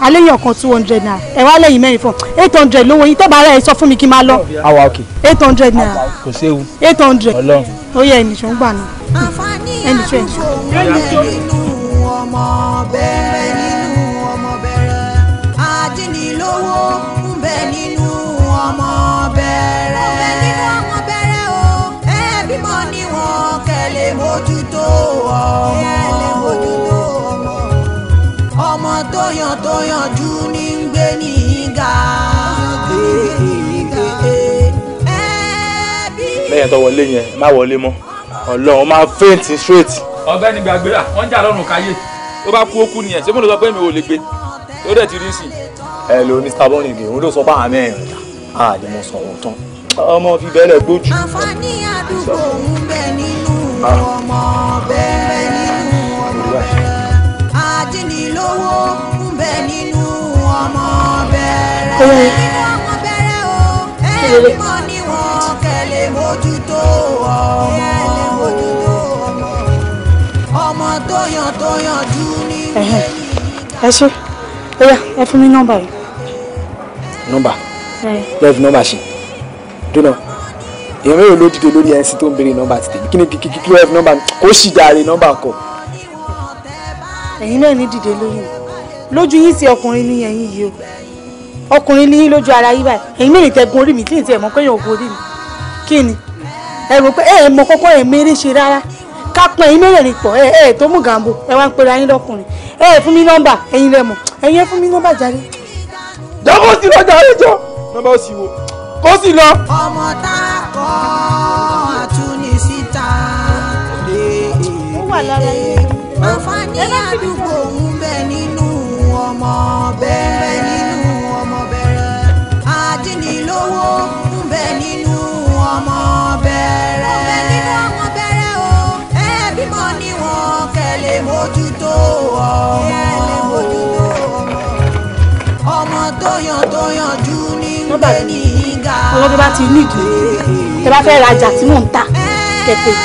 aléyàn kan two hundred naira ẹ wá lẹ́yìn mẹ́rin fún eight hundred lówó yín tẹ́bà ara ẹ̀ sọ fún mi kí n máa lọ. àwa ah, òkè. eight hundred naira. Ah, kò séwu. eight hundred. Ọlọ́run. ó yẹ ẹnì sọ ń gbà náà. àǹfààní àjò rẹ̀ nínú ọmọ yẹn tó wọlé yẹn má wọlé mọ́ ọlọ́run máa faint straight. ọ̀gbẹ́ni gbàgbéra wọn jà lọ́rùn káyé ó bá kú ó kú nìyẹn ṣé mo lè sọ pé mi ò lè gbé ó dẹ̀ ti rí sí. ẹ lo mr bonny gè òun ló sọ fáwọn mẹ́rin a lè mọ sọ̀rọ̀ tán ọmọ fi bẹ́ẹ̀ gbójú. àǹfààní àdúgbò ń bẹ nínú ọmọ bẹ́ẹ̀ nínú ọmọ bẹ́ẹ̀ àdínnílówó ń bẹ nínú ọmọ bẹ́ẹ̀ rẹ̀ nínú ọmọ bẹ́ẹ̀ rẹ̀ o ẹ̀ mọ́ níwọ̀n kẹlẹ́ mojú mójútó ọmọ ọmọ tó yàn tó yànjú ní ilé yìí. ẹ ṣe ó yá ẹ fún mi nọ́mbà yìí. nọ́mbà lẹ́ẹ̀f nọ́mbà ṣe dúnà èèyàn mẹ́rin ló dìde lórí ẹ̀sìn tó ń béèrè nọ́mbà ti tèmi kí ni kí kí lẹ́ẹ̀f nọ́mbà kò sì dáre nọ́mbà kọ. ẹ̀yin náà ní dìde lórí lójú yín sí ọkùnrin ní ẹ̀yìn yìí o ọkùnrin ní lójú ara yí báyìí ẹ̀yin mẹ́rin tẹ gun orí mi kí n tẹ mọ̀ pé èèyàn gun orí mi kí ni ẹ rò pé ẹ mọ kọ́kọ́ èmi rí ṣe rárá ká pọn ẹ̀yin mẹ́rẹ̀ẹ̀rin pọ̀ ẹ ẹ tó mú gàǹbò ẹ wá ń pera yín lọ́kùnrin ẹ ẹ fún mi nọ́mbà ẹ̀yin lẹ mọ̀ ẹ̀yin ẹ fún mi nọ́mbà jàre. jọ́kọ́ sí lọ́jà àlejò nọ́mbà ó sì wò kó sì lọ. ọmọ tá a kọ́ àtúnisíta lè èdè àǹfààní àdúgbò wọn. gbà mí ọwọ́ bí bá ti ní ìdùn tẹ bá fẹ́ rajà tí mò ń tà kẹ̀kẹ́.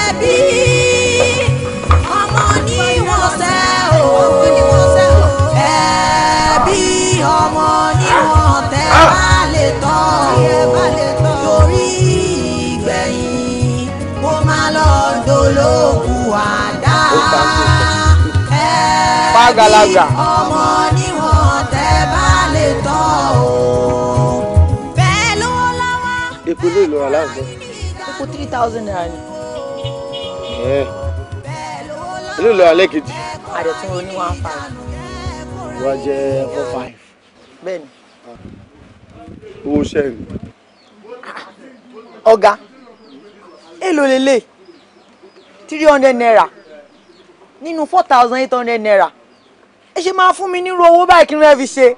Pagalaga. gbogbo ilé ìlú aláǹgbẹ. three thousand naira ni. ilé ìlú alẹ́ kejì. àdẹ̀tún ro ní one five. ìwà jẹ four five. bẹ́ẹ̀ni. owó sẹ́yìn. Ah, ọ̀gá èlò lélẹ̀ three hundred naira nínú four thousand eight hundred naira ẹ ṣe máa fún mi nírú owó báyìí kí n rẹ́ fi ṣe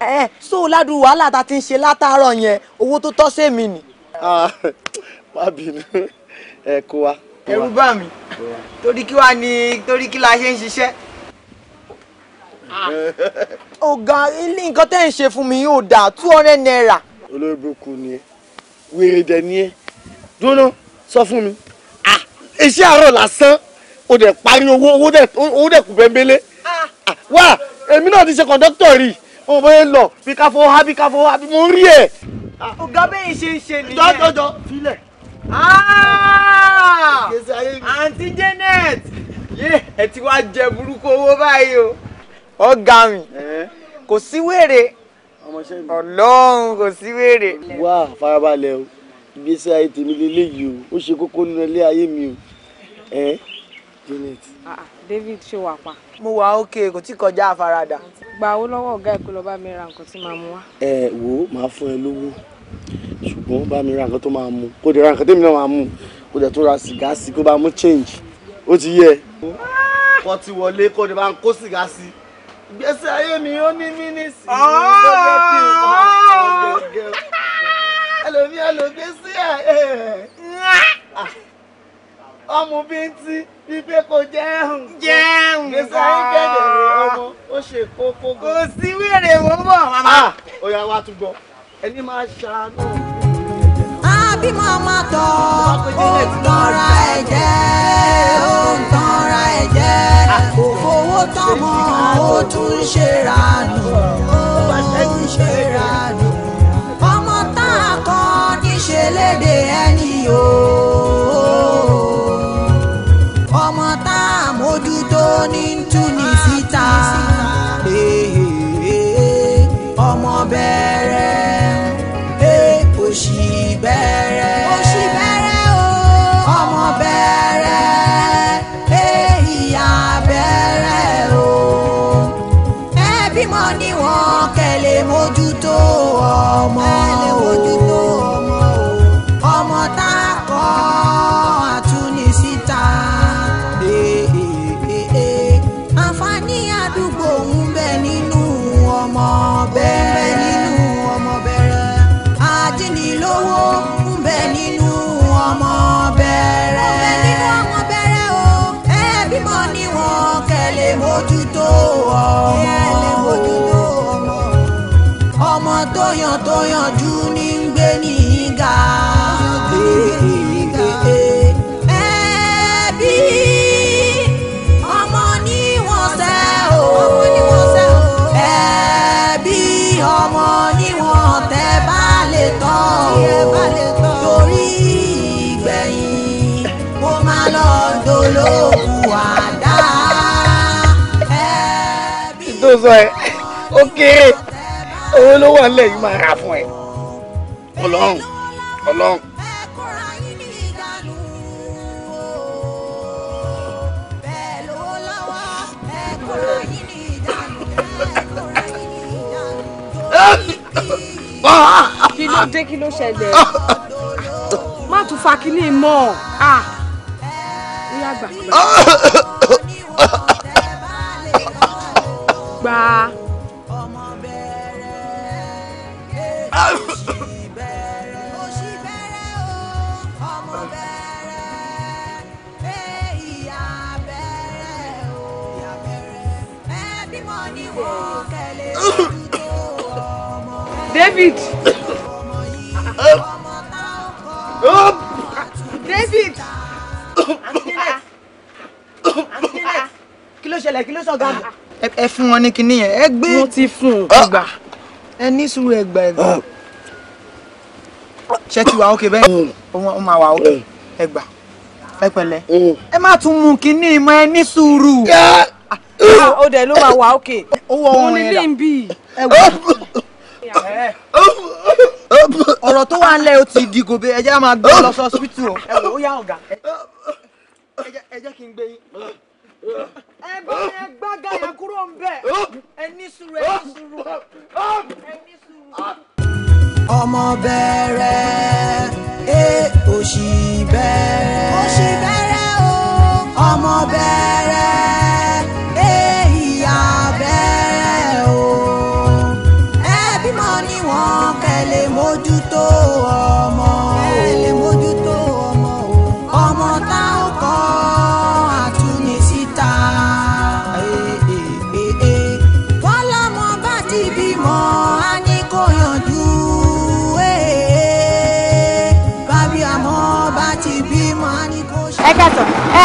ẹ so ládùú wàhálà tá ti ń ṣe látàárọ̀ yẹn owó tó tọ́ sí èmi ni Ah, má bínú ẹ kó wa. ẹ̀rù bà mí torí kí wàá ní torí kí la ṣe ń ṣiṣẹ́. Ah. ọ̀gá ilé nǹkan tẹ́ ń ṣe fún mi yóò dà two hundred naira. olórí burúkú ni ẹ wèrè dẹ ni ẹ dúró sọ fún mi ah, iṣẹ́ àárọ̀ lásán o dẹ̀ parí owó owó dẹ̀ kù bẹ́ńbélé wá èmi náà ti ṣe kọ̀ńdọ́tọ̀ rí mo bẹ́ẹ̀ lọ bí káfọ́ wá bí káfọ́ wá bí mo rí ẹ̀ ọ̀gá bẹ́yìn ṣe ń ṣe nìyẹn. jọjọjọ filẹ. Ah! àǹtí Janet ẹ ti wá jẹ burúkú owó báyìí o ọ̀gá mi kò sí wèrè ọlọ́run kò sí wèrè. wá farabalẹ̀ o ìgbésí ayé tèmi lélẹ́yìí o ó ṣe kókó nínú ilé ayé mi o ẹ Janet. Ah, ah, David ṣe wà pa. mo wà ókè kò tí kọjá àfaradà. gbà owó lọ́wọ́ ọ̀gá ẹ̀ kó lọ bá mi ra nǹkan tí màá mú wá. ẹ wo màá fún ẹ lówó ṣùgbọ́n bá mi ra nǹkan tó máa mu kó dẹ̀ ra nǹkan tèmi náà máa mu kó dẹ̀ tó ra sìgá kó bá mú change ó ti yẹ. kọ́ ti wọlé kó dẹ̀ bá ń kó sìgá sí ayé mi ó ní mínísì lọ́jọ́ kí n máa ń gẹ́gẹ́ ẹlòmí ẹlòmísí ẹ̀ ọmọ bíntí wípé kò jẹun jẹun gbèsè ayé kẹ́dẹ̀ẹ́rẹ́ ah. ọmọ ó ṣe kókó kò sí wèrè wọ́n bọ̀. Ah! ó yá wá tún gbọ́ ẹni máa ṣàánú. àbímọ ọmọ tọ ó ń tanra ẹ̀jẹ̀ ó ń tanra ẹ̀jẹ̀ kò ah. fowó tọmọ ó tún ṣe rànù ó tún ṣe rànù ọmọ tá a kọ níṣe léde ẹni o. ọmọ tá a mójútó nínú. tó sọ ẹ ó kéré owó ló wà nílẹ̀ yìí máa rà fún ẹ ọlọ́run ọlọ́run. kí ló dé kí ló ṣẹlẹ̀ má tún fa kínní mọ́ ọ́ ah. ìyá àgbà gbà. ọmọ bẹ̀rẹ̀ èjì bẹ̀rẹ̀ David. David. Kí ló ṣẹlẹ̀ kí ló sọ gáàmù ẹ fún wọn ní kinní yẹn ẹ gbé. mo ti fún un ah. gbà. ẹ ní sùúrù ẹ gbà ẹ gbà. Ah. ṣé ti wà ókè bẹ́ẹ̀ mm. ó máa wà ókè mm. ẹ gbà ẹ pẹ̀lẹ́. Mm. ẹ má tún mú kinní mọ́ ẹ ní sùúrù. Ah, ó dẹ̀ ló máa wà ókè. owó ọ̀hún ẹ̀ dà ẹ wọ. ọ̀rọ̀ tó wà ń lẹ́ o ti di gòbè ẹ jẹ́ máa gbé lọ sọ́sibítù o. ẹ wò ó yá ọ̀gá ẹ jẹ́ kí n gbé yín ẹ bá yẹn gbága yẹn kúrò ọmọ bẹ̀rẹ̀ ẹ eh, òṣì bẹ̀rẹ̀ òṣì bẹ̀rẹ̀ o ọmọ bẹ̀rẹ̀.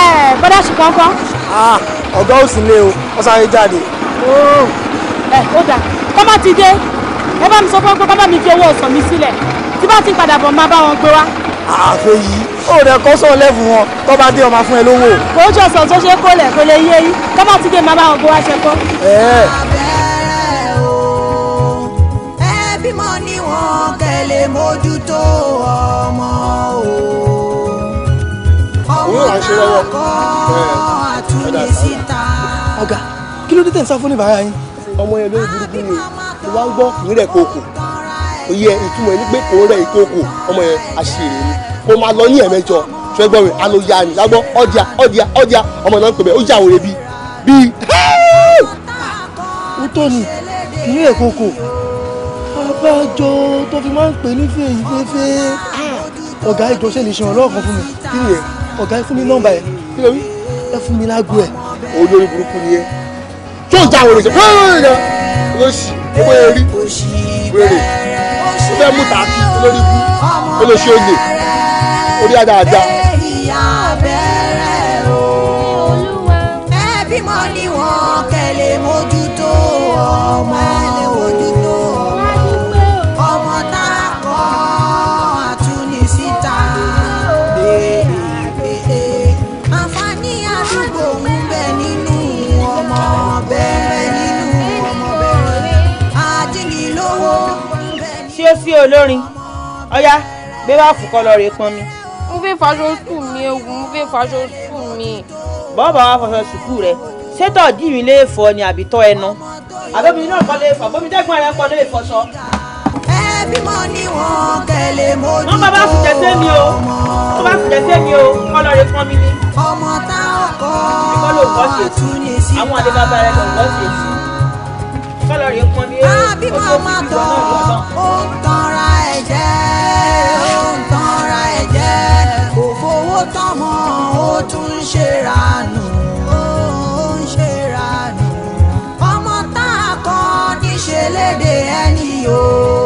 ẹ bọ́dá ṣì kankan. Ah, ọ̀gá ò sí lé o ó sáré jáde. Oh, ẹ ó dà kọ́ bá ti dé ẹ bá mi sọ fún pé bàbá mi fi owó ọ̀sán mi sílẹ̀ tí bá ti padà bọ̀ máa bá wọn pé wá. àfẹ́ yìí ó rẹ̀ kọ́ sọ̀rọ̀ lẹ́fù wọn tó bá dé ọmọ fún ẹ lówó. kò ó jọ̀sọ̀ tó ṣe kó lẹ̀ kó lè yé yín kọ́ bá ti dé máa bá wọn pé wá ṣe kọ́. ẹ bímọ ni wọn kẹlẹ mójútó ọmọ o òun là ń ṣe lọ́wọ́. ọ̀gá kí ló dé tẹ̀ ń sá fún níbàárà yín. ọmọ yẹn lórí burúkú ni mo wá ń gbọ́ kì í rẹ̀ kókò òye ìtumọ̀ ẹni pé kò rẹ̀ ìkókò ọmọ yẹn àṣírí ni kò máa lọ ní ẹ̀mẹjọ ṣùgbọ́n mi aloya ni lágbọ́ ọ̀dìà ọ̀dìà ọ̀dìà ọmọ náà ń pè bẹ́ẹ̀ ó jà wòye bíi bíi. ó tó ni ní èkókò abájọ tó fi máa ń pè ní fèyí fẹ́fẹ́ ah! ọ̀gá ìjọsẹ́ lè ṣe ọlọ́ọ̀kan fún mi kí nìyẹn ọ̀gá ẹ fún mi nọ́mbà ẹ kí ẹ fún mi lágbo ẹ. olórí burúkú ni ẹ tó ń ta àwọn olùsọ fúnra olóṣì wọ́n rí wèrè fẹ́ mú tààkì olórí bú olóṣì olè orí àdáadá. ẹbí ni wọ́n kẹ́lẹ́ mójútó ọmọ. olórin ọyá gbé wá fùkọ́ lọ rè pọn mi. mo fẹ́ faṣọ sùkúù mi ewu mo fẹ́ faṣọ sùkúù mi. bọ́ọ̀bà wa faṣọ sùkúù rẹ sétọ̀ dì mí léèfọ́ ni àbí tọ́ ẹnu. àbẹ́mi náà kọ́ léèfọ́ bómi dẹ́gbọ́n rẹ kọ́ léèfọ́ sọ. ẹbí mọ ni wọn kẹlẹ mójú tó ọmọ. wọn bá fìjẹ sí mi o wọn bá fìjẹ sí mi o kọ́ lọ rè pọn ni. ọmọ tá a kọ́ àtúnyèsí ta àwọn àdébá rẹ i kọ́ lọ rè pọn mi o. àbí màmá tọ́ ó tán ẹ̀jẹ̀ ó ń tanra ẹ̀jẹ̀ kò fowó tọ́mọ ó tún ń ṣèrànù ó ń ṣèrànù ọmọ tá a kọ́ níṣẹ́ léde ẹni yòó.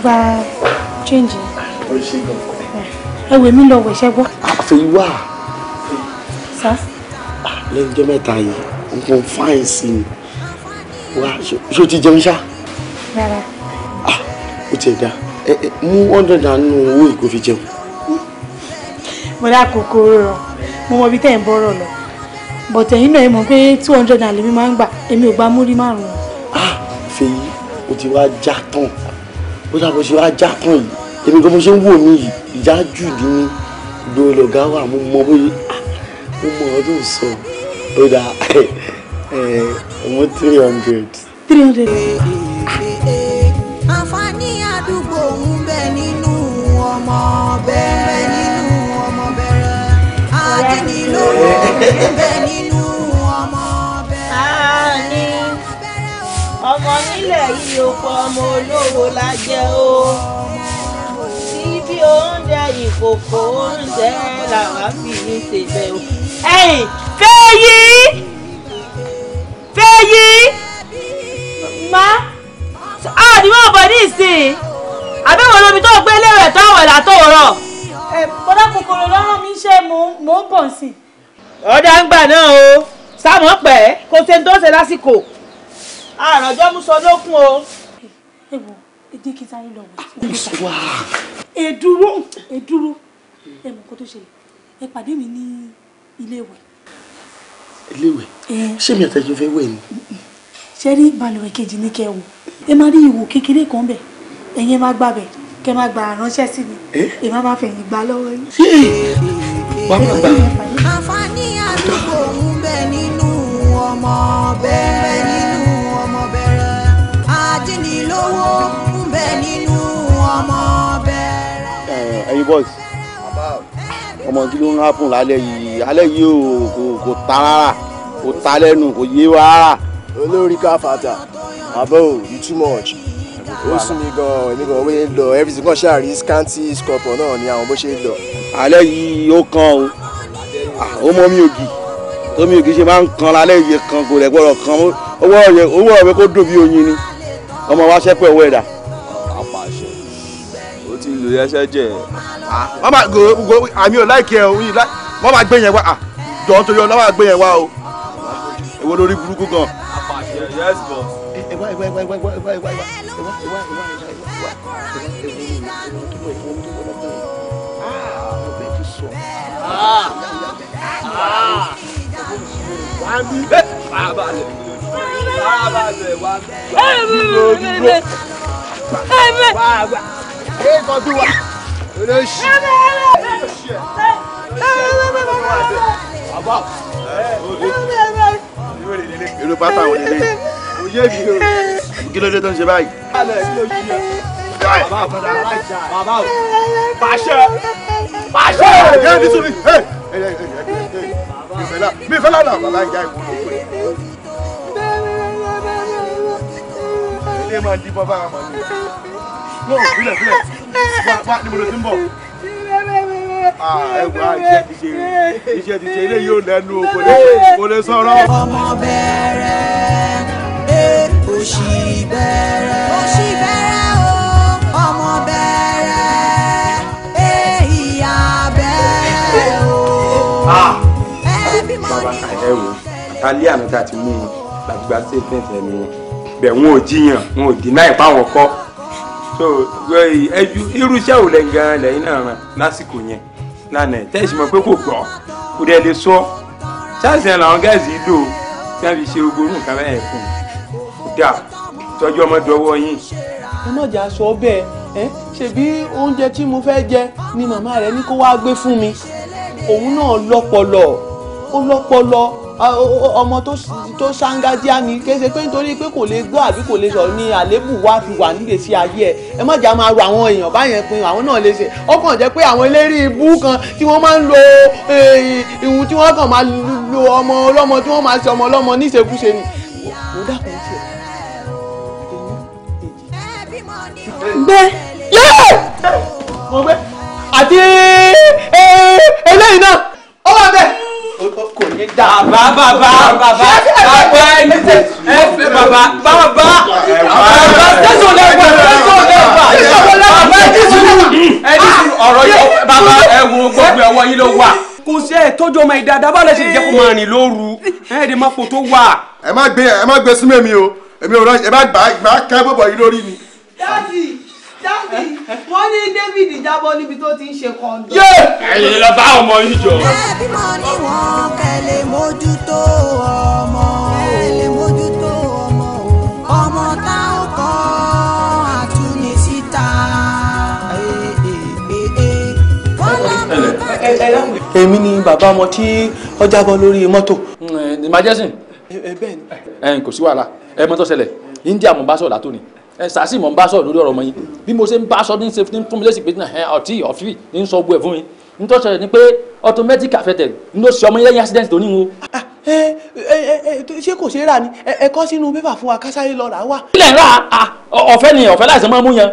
gba change. ó ṣe gan. ẹ wè mí lọ wẹ̀ ṣẹ́ gbọ́. àfẹ́yí wà. sá. Ah, lẹ́jọ́ mẹ́ta yìí nǹkan fáìn sí i wá ṣó ti jẹun ṣá. rárá. Ah, ó tiẹ̀ dá mú hundred and nù owó ìgò fi jẹun. mo dá kòkòrò rọ mo mọ ibi tẹ́ ẹ̀ ń bọ́rọ̀ lọ bọ̀tẹ̀ yín náà mọ̀ pé two hundred and lèmi máa ń gbà èmi ò gba múrí márùn-ún. Ah, àfẹ́yí o ti wá já tán ó ṣàkóso ṣe wá já kan yìí èmi gan mo ṣe ń wò mí yìí ìjà jù ní mi gbòòrò lọ̀gá wà mo mọ bóyá ah, mo mọ ọdún sọ ó dà ọmọ three hundred. three hundred. àǹfààní àdúgbò ń bẹ nínú ọmọ bẹ̀rẹ̀ nínú ọmọ bẹ̀rẹ̀ àdínnílówó ń bẹ nínú. ọmọ nílẹ̀ yìí oko ọmọ olówó la jẹ́ o síbi oúnjẹ ìkòkò oúnjẹ làwa fi ní ṣèbẹ̀ o. ẹ̀yin fẹ́yì fẹ́yì má àdìmọ̀ bọ̀ ní ìsìn àbẹ̀wò lómi tó gbé lérò ẹ̀tọ́ àwọn ìlà tó rọ̀. ẹ bọ́dá kòkòrò lọ́rọ̀ mi ṣe mò ń bọ̀ sí. ọ̀dà ń gbà náà o sáà mọ̀ pẹ́ kó ṣe ń tó ṣe lásìkò àrànjọ́ mú sọ lókun o. ẹ wo èdè kí n sáré lọ wò. èdúró ah, èdúró ẹ mọ nǹkan tó ṣẹlẹ̀ ẹ pàdé mi ní ilé ìwẹ̀. ilé ìwẹ̀ ṣé mi àtẹ̀jọ́ fẹ́ wẹ̀ ni. ṣe rí balùwẹ̀ kejì ní kẹ́ wò ẹ máa rí ìwò kékeré kan bẹ̀ ẹ̀yin máa gbà bẹ̀ kẹ́ máa gbà ránṣẹ́ sí mi èmi máa fẹ̀yìn gbà lọ́wọ́ yín. wàá máa gbà. àǹfààní àdúgbò ń bẹ nínú ọmọ bẹ́ẹ̀ bẹ nínú ọmọ bẹ̀rẹ̀. ẹyin boys ọmọ kí ló ń hápùn lálẹ́ yìí alẹ́ yìí ò kò ta rárá kò ta lẹ́nu kò yé wa rárá. olórí káfàtà àbò you too much ó sún mi gan èmi gan wọ́n lọ everything kan ṣáà scanty scorpion náà ni àwọn bó ṣe lọ. alẹ́ yìí ó kan o ó mọ mi ògì tó mi ògì ṣe máa ń kan lálẹ́ yìí kan kò rẹ̀ gbọ́dọ̀ kan owó ọ̀rẹ́ kó dùn bí oyin ni ọmọ wa ṣẹ́pẹ̀ owó lò yẹsẹ jẹ. wọ́n máa go go àmì ò láìkí ẹ̀ òun yìí wọ́n máa gbé yẹn wá jọ̀ọ́ nítorí ọlọ́wọ́ àgbé yẹn wá o èwo lórí burúkú gan. Hey, ẹ kọ bí wa olóṣì olóṣì àbá irú pátá wò lélẹ̀ òye mi o kí ló dé tó ń ṣe báyìí. bàbá bàbá pàṣẹ pàṣẹ. ẹ ẹ nítorí ẹ ẹ ẹ ẹ mi fẹ́ la mi fẹ́ la làwọn bàbá ìyá ìwúlò pé. ilé máa ń di bọ́ bá a máa ń lò no bílẹ̀ bílẹ̀ wá wá níbo ló ti ń bọ̀. Ah, ẹ wá tá a ti mú un làgbà statement ẹ̀mí wọn bẹ̀ wọn ò jiyàn wọn ò dínà ìpáwọn kọ́ so eh, ẹjú irú iṣẹ́ ò lẹ́ gan lẹ́yìn náà ràn lásìkò yẹn lánàá tẹ́sí mọ̀ pé kò gbọ́ kò dẹ̀ lè sọ ṣáàṣì ẹ̀ làwọn gáàsì lò tí wọ́n fi ṣe ogorun nǹkan bẹ́ẹ̀ fún un kò dáa tọ́jú ọmọ dọwọ́ yín. ẹ má jà sọ bẹ́ẹ̀ ẹ ṣebí oúnjẹ tí mo fẹ́ jẹ ni màmá rẹ ní kó wá gbé fún mi òun náà lọ́pọlọ ó lọ́pọlọ ọmọ tó ṣáńgájíá ni kése pé nítorí pé kò lè gbọ́ àbí kò lè sọ̀rọ̀ ni àléébù wá fi wà nílé sí ayé ẹ̀ ẹ má jà máa ro àwọn èèyàn báyẹn pin àwọn náà lè ṣe ọkàn jẹ́ pé àwọn eléré ibú kan tí wọ́n máa ń lo eh, ìhun tí wọ́n kàn máa lo ọmọ ọlọ́mọ tí wọ́n máa ṣe ọmọ ọlọ́mọ níṣekúṣe ni mo dákun tiẹ̀. gbẹ yóò mo gbẹ àti eh, eléyìí náà ó wà bẹ́ẹ̀ kò ní dá. bàbá bàbá bàbá bàbá ẹni tẹ ẹ fẹ bàbá bàbá bàbá tẹsán lẹgbà tẹsán lẹgbà tẹsán lẹgbà ẹni sùúrù ẹni sùúrù ọ̀rọ̀ yìí bàbá ẹ wo gbogbo ẹwọ yìí ló wà kò sí ẹ tọ́jú ọmọ ìdá dábàá lẹsẹ jẹ kó máa rìn lóru ẹ ẹ dì má fò tó wà. ẹ má gbé ẹ má gbé símẹ̀ mi o èmi ò rán ẹ má gbà gbà ká bọ̀bọ̀ yìí lórí mi. dáàdì dáàbì wọ́n ní David jábọ́ níbi tó ti ń ṣe kọ́ńdọ̀. yé lọ bá ọmọ yìí jọ. ẹ bímọ ni wọn kẹ mójútó ọmọ kẹ mójútó ọmọ ọmọ tá ò kọ́ àtúnì síta. èmi ni bàbá ọmọ tí ó jábọ́ lórí mọ́tò. Mm, ẹ ẹ bẹ́ẹ̀ ni. ẹ kò sí wàhálà ẹ mọ́tò ṣẹlẹ̀ india mo bá sọ̀rọ̀ látòní ẹ sàásì mọ̀ ń bá sọ̀rọ̀ lórí ọ̀rọ̀ ọmọ yín bí mo ṣe ń bá sọ ní ṣe fún mi lẹ́sìn pé ẹ ọ̀tí ọ̀fì ní sọ gbogbo ẹ̀ fún mi ní tó ṣẹlẹ̀ ni pé automatic affected ní ló ṣe ọmọ yẹn accident tó níwò. Ah, ah, ṣé kò ṣe é rà ni ẹ kọ sínú pépà fún wa kásáré lọ rà wá. ilẹ̀ ń rà ah, ọ̀fẹ́ ni ọ̀fẹ́ láìsàn máa mú yan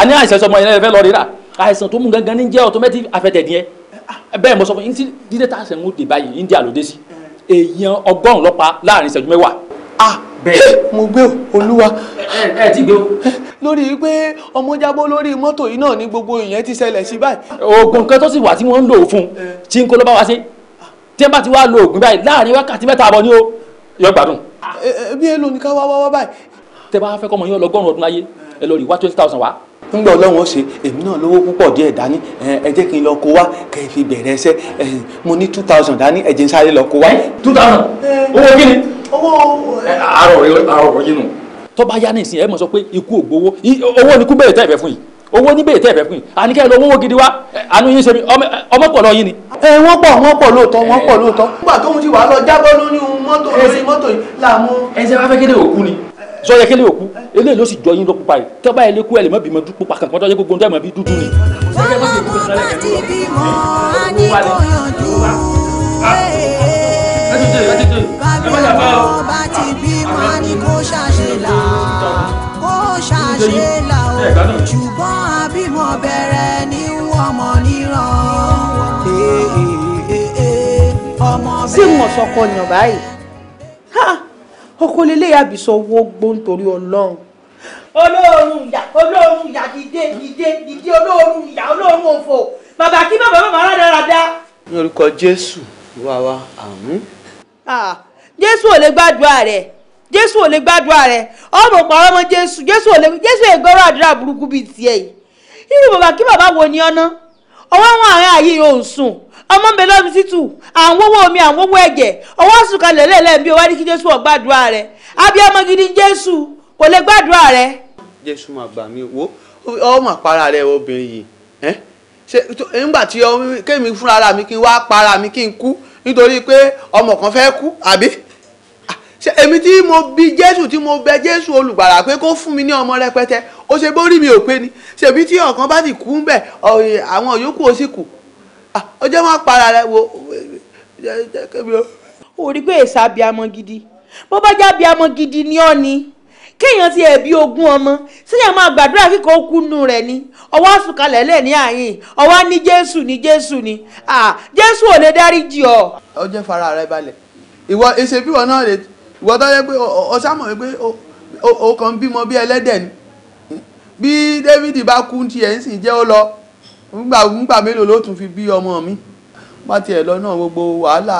àní àìsàn sọmọ yẹn fẹ́ lọ rí rà àìsàn tó mú gangan ní jẹ́ automatic affected yẹn bẹ́ẹ̀ mo sọ fún yín dídé tá a sẹ̀ ń dè báyìí India ló dé sí èèyàn ọgọ́rùn-ún lọ́pa láàrin ìṣẹ́jú mẹ́wàá ah bẹ́ẹ̀ mo gbé olúwa ẹ ti gbé o. lórí pé ọmọ jábọ́ lórí mọ́tò yìí náà ni gbogbo ìyẹn ti ṣẹlẹ̀ sí báyìí. oògùn nǹkan tó sì wà tí wọ́n ń lò fún eh. tí ń kó ló bá wá sí tí ẹ bá ti wá lo oògùn báyìí láàrin wákàtí mẹ́ta àbọ̀ ni ó yọ gbádùn. Eh, eh, bí èlò ni ká wá wá wá báyìí. tẹ bá fẹ́ kọ́ ọmọ yín ọlọgọ́rùn-ún ọdún láyé ẹ lọ rí wá twenty thousand wá ńgbà ọlọ́run ó ṣe èmi náà lówó púpọ̀ díẹ̀ dání ẹ jẹ́ kí n lọ kó wá kẹ́ ẹ fi bẹ̀rẹ̀ ẹsẹ̀ mo ní two thousand dání ẹ jẹ́ n sáré lọ kó wá. two thousand owó kí ni owó àárọ̀ àárọ̀ yìí nù. tó bá yá ní ìsìn ẹ mọ̀ sọ pé ikú ògbówó owó ni kú bẹ̀rẹ̀ tẹ́ ìfẹ́ fún yìí owó ní bèètè ẹ̀fẹ̀ fún yìí àníkẹ́ lọ owó gidi wá àánú yín ṣe mi ọmọ pọ̀ lọ yín ni. ẹ wọ́n pọ̀ wọ́n pọ̀ lóòótọ́ wọ́n pọ̀ lóòótọ́. nígbà tóun ti wàá lọ jábọ́ lórí mọ́tò lórí mọ́tò yìí làwọn. ẹ ṣe wá fẹ́ kéde òkú ni sọ yẹ kẹlẹ òkú eléyìí ló jọ yín ló pupa yìí tẹ́ báyìí lẹ́kú ẹ̀ lè má bímọ dúpọ̀ pàkàn pọ́tọ́ yẹ gbogbo ń tẹ́ mọ̀ bí dúdú ni. ṣùgbọ́n àbímọ bẹ̀rẹ̀ ní ọmọ níran ọmọ bẹ̀rẹ̀. sí mọ̀sọ́kọ yàn báyìí so ọkọ lélẹ̀ yàbí sọ owó gbó nítorí ọlọ́run. olóorun ìyá olóorun ìyá dìde dìde dìde olóorun ìyá olóorun òfò bàbá kí bàbá bàbá rádaràda. ní orúkọ jésù wá wá àmín. jésù ò lè gbàdúrà rẹ jésù ò lè gbàdúrà rẹ ọmọ pàrọ ọmọ jésù jésù ò lè jésù ègbọrọ àdúrà burúkú bíi tiẹ̀ yìí irú bàbá kí bàbá wo ni ọ náà ọwọ́ wọn àárín ààyè òun sùn ọmọ mi lọ́nu títù àwọn owó omi àwọn owó ọwọ́ sùn lẹ́lẹ́ bí kí jésù kò lè gbàdúrà rẹ. jésù máa gbà mí wo para rẹ obìnrin yìí ṣe nígbà tí fúnra mi kí n wá para mi kí n kú nítorí pé ọmọ kan fẹ́ kú àbí ṣe èmi tí mo bí jésù tí mo bẹ jésù olùgbàlà pé kó fún mi ọmọ rẹpẹtẹ ó ṣe bórí mi ò pé ni ṣèbí tí ọ̀kan bá sì kú ń bẹ̀ àwọn yòókù ó sì kù ọjọ́ máa para rẹ wo ó rí pé èsà abiamọ gidi bó bá já abiamọ gidi ni ọ ni kéèyàn ti ẹ̀bí ogún ọmọ síyàn máa gbàdúrà kíkọ́ kúnnú rẹ̀ ni ọwọ́ àsùnkalẹ̀ lẹ̀ ní àyìn ọwọ́ ní jésù ní jésù ni jésù ò lè dáríjì ọ. ó jẹ́ fara rẹ balẹ̀ ìwọ ìṣèbíwọ̀ náà rè ìwọ tó yẹ pé ọ̀sán mọ̀ wípé ó kàn ń bímọ bí ẹlẹ́dẹ̀ ni bí David bá kú tiẹ̀ ń sìn jẹ́ ó lọ ńgbà ńgbà mélòó ló tún fi bí ọmọ mi bá tiẹ̀ lọ náà gbogbo wàhálà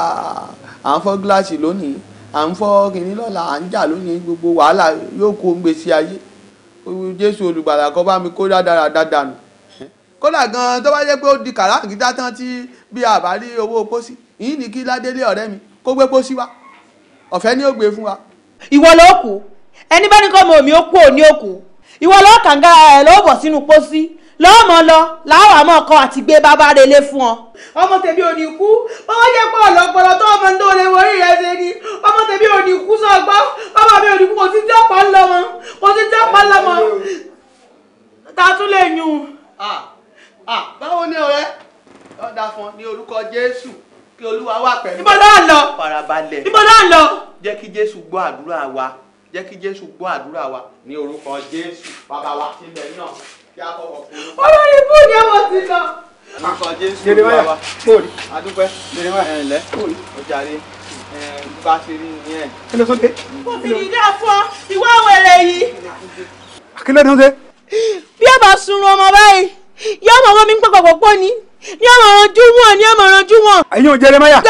à ń fọ́ gíláàsì lónìí à ń fọ́ kìnní lọ́la à ń jà lónìí gbogbo wàhálà yóò kó ń gbèsè ayé Jésù olùgbàlà kan bá mi kó dáadáa dáadáa nù kódà gan tó bá jẹ́ pé ó di kàràkìtà tán tí bí a bá rí owó pósí yìí ní kí ládélé ọ̀rẹ́ mi kó gbé pósí wa ọ̀fẹ́ ni ó gbé fún wa. ìwọ ló kù ẹni bá ní kọ́ ọmọ mi ó kú òní òkú ìwọ lọ́kàngá ẹ̀ ló bọ̀ sínú pósí lọ́mọ lọ láwọn àmọ́ ọkọ àti gbé bàbá relé fún ọ. ọmọ tèmi ò ní kú bọ́wọ́ jẹ́ pọ̀ lọ́pọ̀lọ́ tó ọmọ tó lè wọrí rẹ ṣe ni ọmọ tèmi ò ní kú sọ́gbọ́ ọmọ mi ò kú kò sí tí ọ̀pá ń lọ́mọ kò sí tí ọ̀pá ń lọ́mọ ta tún lè yún. báwo ni ọ̀rẹ́ ọ̀dà fún ní orúkọ Jésù kí Olúwa wà pẹ̀lú. ìbọn náà lọ. farabalẹ̀. ìbọn náà lọ. jẹ́ kí Jésù gbọ́ àdúrà wa jẹ́ kí jésù gbọ́ àdúrà wa ní orúkọ jésù bàbá wa ti lẹ̀ náà kí a kọ́kọ́ fún un. olórí ibú ni ẹwọ ti lọ. orúkọ jésù bàbá adúpẹ́ ẹ̀ǹlẹ́ ọjàre bá a ṣe rí nìyẹn. kí ló sóde. obìnrin dá fọ ìwà wẹrẹ yìí. kí ló dé sóde. bí a bá sunrun ọmọ báyìí yóò mọ̀ wọ́n mi ń pẹ́ pọ̀ pọ̀ pọ̀ ní àmọ̀ràn ojú wọn ní àmọ̀ràn ojú wọn. ẹ̀yin ò Jeremiah.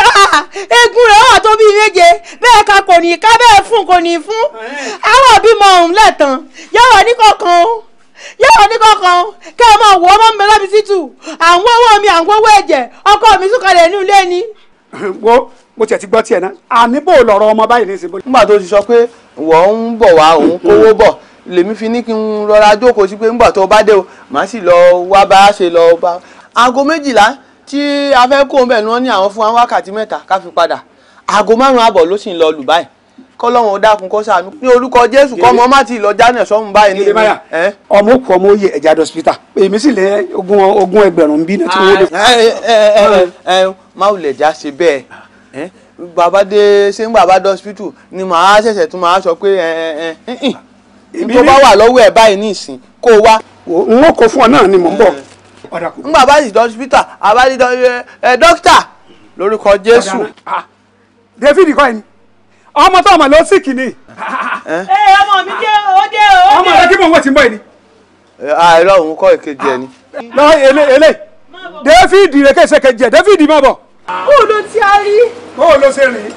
egun rẹ̀ wà tó bí méje bẹ́ẹ̀ ká kò ní ká bẹ́ẹ̀ fún kò ní fún. àwọn òbí mọ òun lẹ́tàn yàrá oníkọ̀ọ̀kan o yàrá oníkọ̀ọ̀kan kẹ́ ẹ máa wọ ọmọ mi lọ́bi títù àwọn owó mi àwọn owó ẹ̀jẹ̀ ọkọ mi súnkalẹ̀ ní ilé ni. wo mo tiẹ̀ ti gbọ́ tiẹ̀ náà àní bò lọ̀rọ̀ ọmọ báyìí ní ìsìnkú. nígbà tó ti sọ pé wọ́n ń bọ̀ wá òun hmm. kówó bọ̀ lèmi fi ní kí n rọra jókòó sí pé ńgbà tó bá dé o màá sì lọ wá bá a ṣe lọ bá a aago méjìlá tí a fẹ́ kó ń bẹ̀ ni wọ́n ní àwọn fún wa wákàtí mẹ́ta ká fi padà aago márùn-ún àbọ̀ ló sì ń lọ lù báyìí kọlọ́run dákun kó ṣàánú ní orúkọ jésù kọ́ ọmọ má ti lọ jánà sọ́hun báyìí ní ìlú. ọmọ òkú ọmọ oyè ẹja dọ́sítà èmi sì lé ogún ogún ẹgbẹ̀rún bí náà tí wọ́n ah, eh, eh, eh, lè. ẹ ẹ má wulẹ̀ já ṣe bẹ́ẹ̀ bàbá dé ṣé ń bàbá dọ́sítù ni màá ṣẹ̀ṣẹ̀ tún màá sọ pé ẹ ẹ tó bá wà lọ́wọ́ ẹ̀ báyìí ní ìsìn kó o wá. n ó kó fún ọ náà ni mò ń bọ̀ ngbà bá sì dọ́sítà àbájí dọ́kítà lórúkọ Jésù. David kọ́ ẹni ọmọ tó ọmọ ló sì kìíní. ẹ ọmọ mi jẹ́ ó jẹ́ ó jẹ́. ọmọ rẹ kí mò ń wò tí ń bọ̀ ẹni. àìrọ òun kọ́ èkejì ẹni. lọ ele ele David rẹ kẹsẹ kẹjẹ David má bọ̀. kó o lo ti a rí. kó o ṣe rìn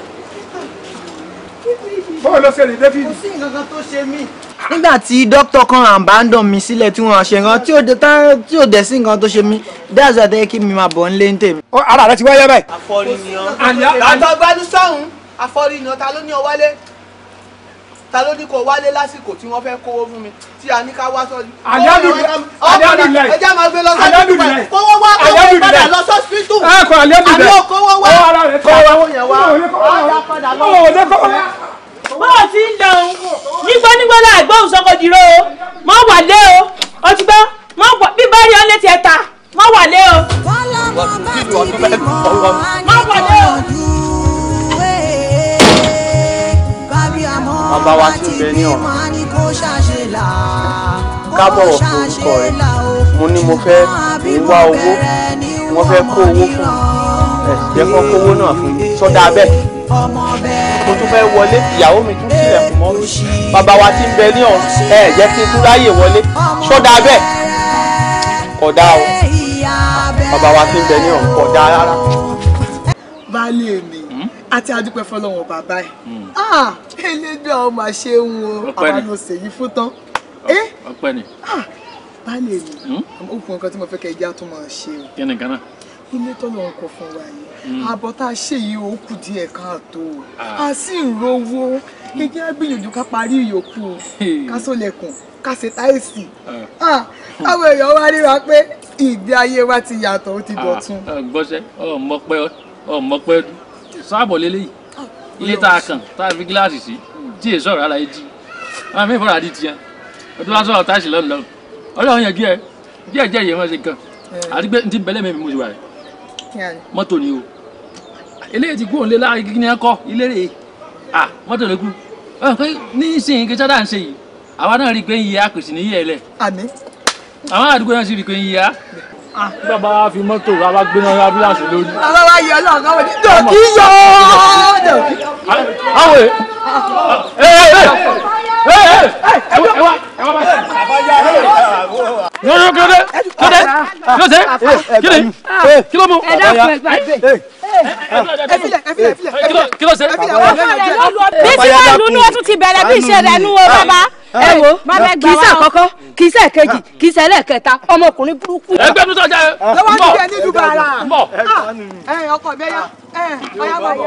báwo ló ṣe lè David. kò sí nǹkan kan tó ṣe mí. nígbà tí dókítà kan àbádàn mi sílẹ̀ tí wọ́n ṣe nǹkan tí ò dẹ̀ sí nǹkan tó ṣe mí dáàzà tẹ́ kí mi máa bọ̀ ń lé ń tèmi. ara rẹ ti wáyé báyìí. àfọrí ni ọ. àtọ gbádùn sọhùn àfọrí ni ọ ta ló ní ọ wálé ta ló ní kó wálé lásìkò tí wọ́n fẹ́ kówó fún mi tí a ní ká wá sọ́ọ́ alihamudulayi ẹja máa gbé lọ sọ́ọ́sìpítù kówó wá kówó padà lọ sọ́ọ́sìpítù àlọ́ kówó wá kówó yẹn wá ọ̀dà padà lọ bọ́ọ̀ ti ń dán nígbó nígbó láì gbóhùn sọ́kò dìró o mọ́ wà lé o o ti gbọ́ bí bá rí létí ẹ ta wà lé o. bàbá wa tún bẹ ní ọ̀nà kábọ̀ orúkọ rẹ̀ mo ní mo fẹ́ wá owó mo fẹ́ kó owó fún un jẹ́ kó kówó náà fún yín sọ́dà bẹ́ẹ̀ mo tún fẹ́ wọlé ìyàwó mi tún tilẹ̀kùn mọ́ bàbá wa ti ń bẹ ní ọ̀hún ẹ jẹ́ kí n tún ráyè wọlé sọ́dà bẹ́ẹ̀ kódà o bàbá wa ti ń bẹ ní ọ̀hún kódà rárá. baálé mi àti hmm? adúpẹ́ fọlọ́wọ́n bàbá ẹ̀ hmm. ah elédè máa ṣe ń wo àbálò ṣèyí fún tán. Eh? ọpẹ́ ni. Ah, baálé mi hmm? ó fún nǹkan tí mo fẹ́ kẹ́ ẹ jẹ́ àtúmọ̀ ṣe o. kí ni gánà ilé tọ́nà ọkọ̀ fún wa yìí hmm. àbọ̀ tá a ṣe yìí ó kù díẹ̀ káàtó ah. a sì ń rówó gẹ́gẹ́ hmm. gbìyànjú ká parí ìyókù ká sólẹ̀kùn táìsì ah. Ah, àwọn èèyàn wá ríra pé ìgbé ayé wa ti yàtọ̀ ó ti dọ̀tun. gbọ́sẹ̀ ọmọpẹ́ sáàbọ̀ lélẹ́yìí ilé tá a kàn tá a fi gíláàsì sí tí èso ọ̀rọ̀ aláyé jí àwọn mí fọ́ra àdí tiẹ̀ ọdún lásán ọ̀tá sí lọ́nà lọ́nà ọlọ́run yẹn díẹ̀ díẹ̀ díẹ̀ yẹn wọ́n ṣe kàn eh. àti pé ní ti bẹ́lẹ̀ mi mo ti rẹ̀ mọ́tò ni o eléyìí ti kúrò nílé láàrin kíkí ni ẹ kọ́ ilé rèé ah mọ́tò lè kú ọ pé nísìnyí kí sádà ń ṣe yìí àwa náà rí i pé ń yíya kò sì ní yíyẹ lẹ. àmín. àwọn àdúgbò náà sì rí i pé ń yíya. bàbá wa fi mọ́tò wa wá gbéná ambulance lórí. bàbá wa yọ ọlọ́ọ̀kan wọ́n ti dòkí yọ ọ́ dòkí yọyọ wọn lù ní ti bẹ̀rẹ̀ bí iṣẹ́ rẹ nu o bàbá. ẹ wo kì í ṣe àkọ́kọ́ kì í ṣe kejì kì í ṣe ẹlẹ́ẹ̀kẹta ọmọkùnrin burúkú. ẹgbẹ́ mi sọjá ẹ. lọ́wọ́ ti jẹ nílùú bàrà. ọkọ̀ ẹ ọyá bàbá.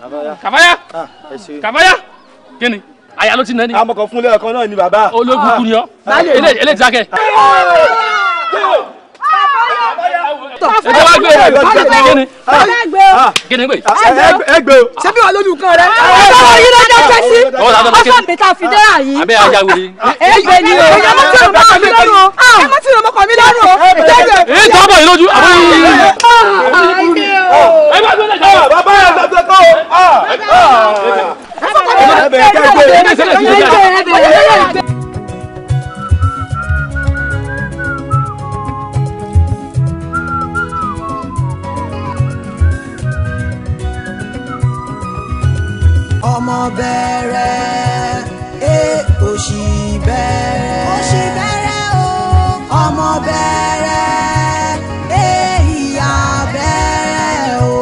kàmáyà kàmáyà ah, kíni àyà ló ti nà ni. amọ̀kọ̀ fúnlẹ̀ ọ̀kan náà ni bàbá. ológun kùnìyàn ah. eléjìdákẹ́ ẹgbẹ́ wa gbé kíni kíni gbé. ẹgbẹ́ ah, o. ṣebí wà lójú kan rẹ. Ah, ọ̀sán yìí ló jẹ́ pẹ́sí. ọ̀sán mi ta fìdíra yìí. abẹ́ ajá wuli. Ah, ẹgbẹ́ ni o. ẹ má tí ìrọ̀mọ́ kàn mí lọ́rùn o. ẹ má tí ìrọ̀mọ́ kàn mí lọ́rùn o. èyí tó bọ̀ yìí lójú. ẹ má tó lè jẹ́ o. bàbá yẹn tètè kọ́ o. ẹ má tó lè jẹ́ o. ọmọ bẹ̀rẹ̀ ẹ eh, òṣì bẹ̀rẹ̀ òṣì bẹ̀rẹ̀ o ọmọ bẹ̀rẹ̀ ẹ eh, ìyá bẹ̀rẹ̀ o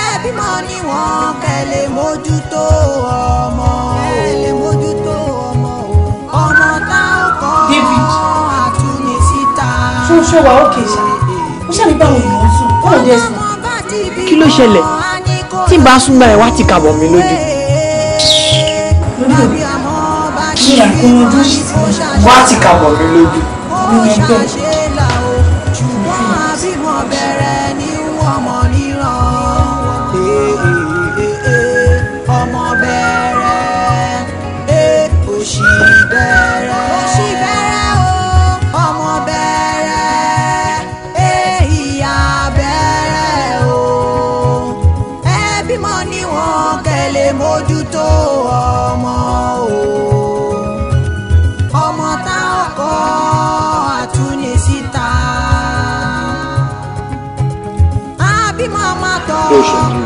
ẹ bímọ ni wọn kẹ lè mójútó ọmọ o lè mójútó ọmọ o ọmọ tá ó kọ́ àtúnyẹ síta. fún ṣọwọ́ òkè ṣá ó ṣàlùbáwò ìmọ̀ sùn ó sùn kí ló ṣẹlẹ̀ tí n bá súnmọ́ ẹ̀ wá ti kàbọ̀ mi lójú. wá ti kàbọ̀ mi lójú.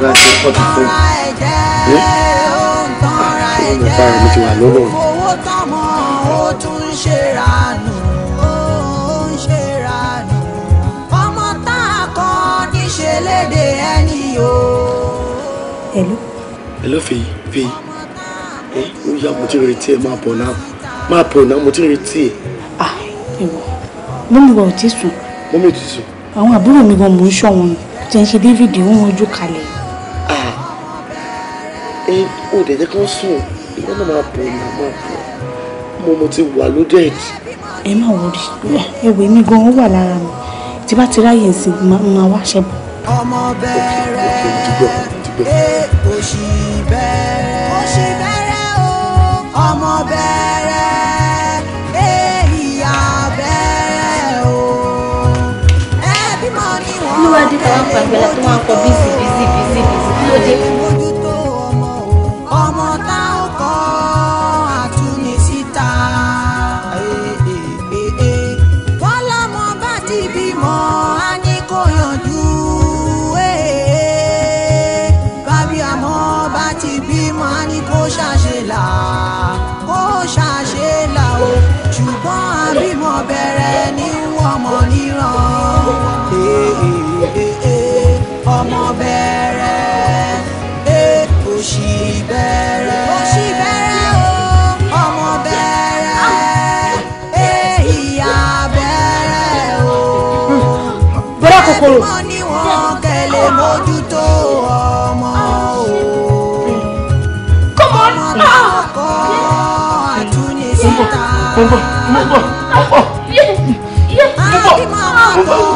bá ṣe pọ̀ fún mi. ṣé mo bá rẹ̀ ti wà lọ́nà rẹ̀. owó tọmọ ó ó yá mo ti retí ẹ máa bọ̀ náà máa bọ̀ náà mo ti retí ẹ. Ah, mọ́mí wa ò tí sùn. mọ́mí ò tí sùn. àwọn àbúrò mi gan mò ń ṣọ́ wọn tí ń ṣe David ń wojú kalẹ̀ ẹ ah. ò eh, dẹ̀ jẹ́ kí wọ́n sùn ìyá náà máa bọ̀ ìyá máa bọ̀ mo mo ti wà loaded. ẹ má wọrí ẹ wẹ mí gan ó wà lára mi tí bá ti ráyè sí máa wá ṣẹbọ. ọmọ bẹ̀rẹ̀ ẹ eh, òṣì bẹ̀rẹ̀ òṣì bẹ̀rẹ̀ o ọmọ bẹ̀rẹ̀ ẹ eh, ìyá bẹ̀rẹ̀ o. olúwa dé bàbá àgbàlá tó máa ń kọ bíìsì. kóró. ẹbí mọ ni wọn kẹlẹ mójútó ọmọ o. kọ́mọ náà ah. kọ́ àtúnyẹsí ta. mo bọ̀ mo bọ̀ mo bọ̀ mo bọ̀ mo bọ̀.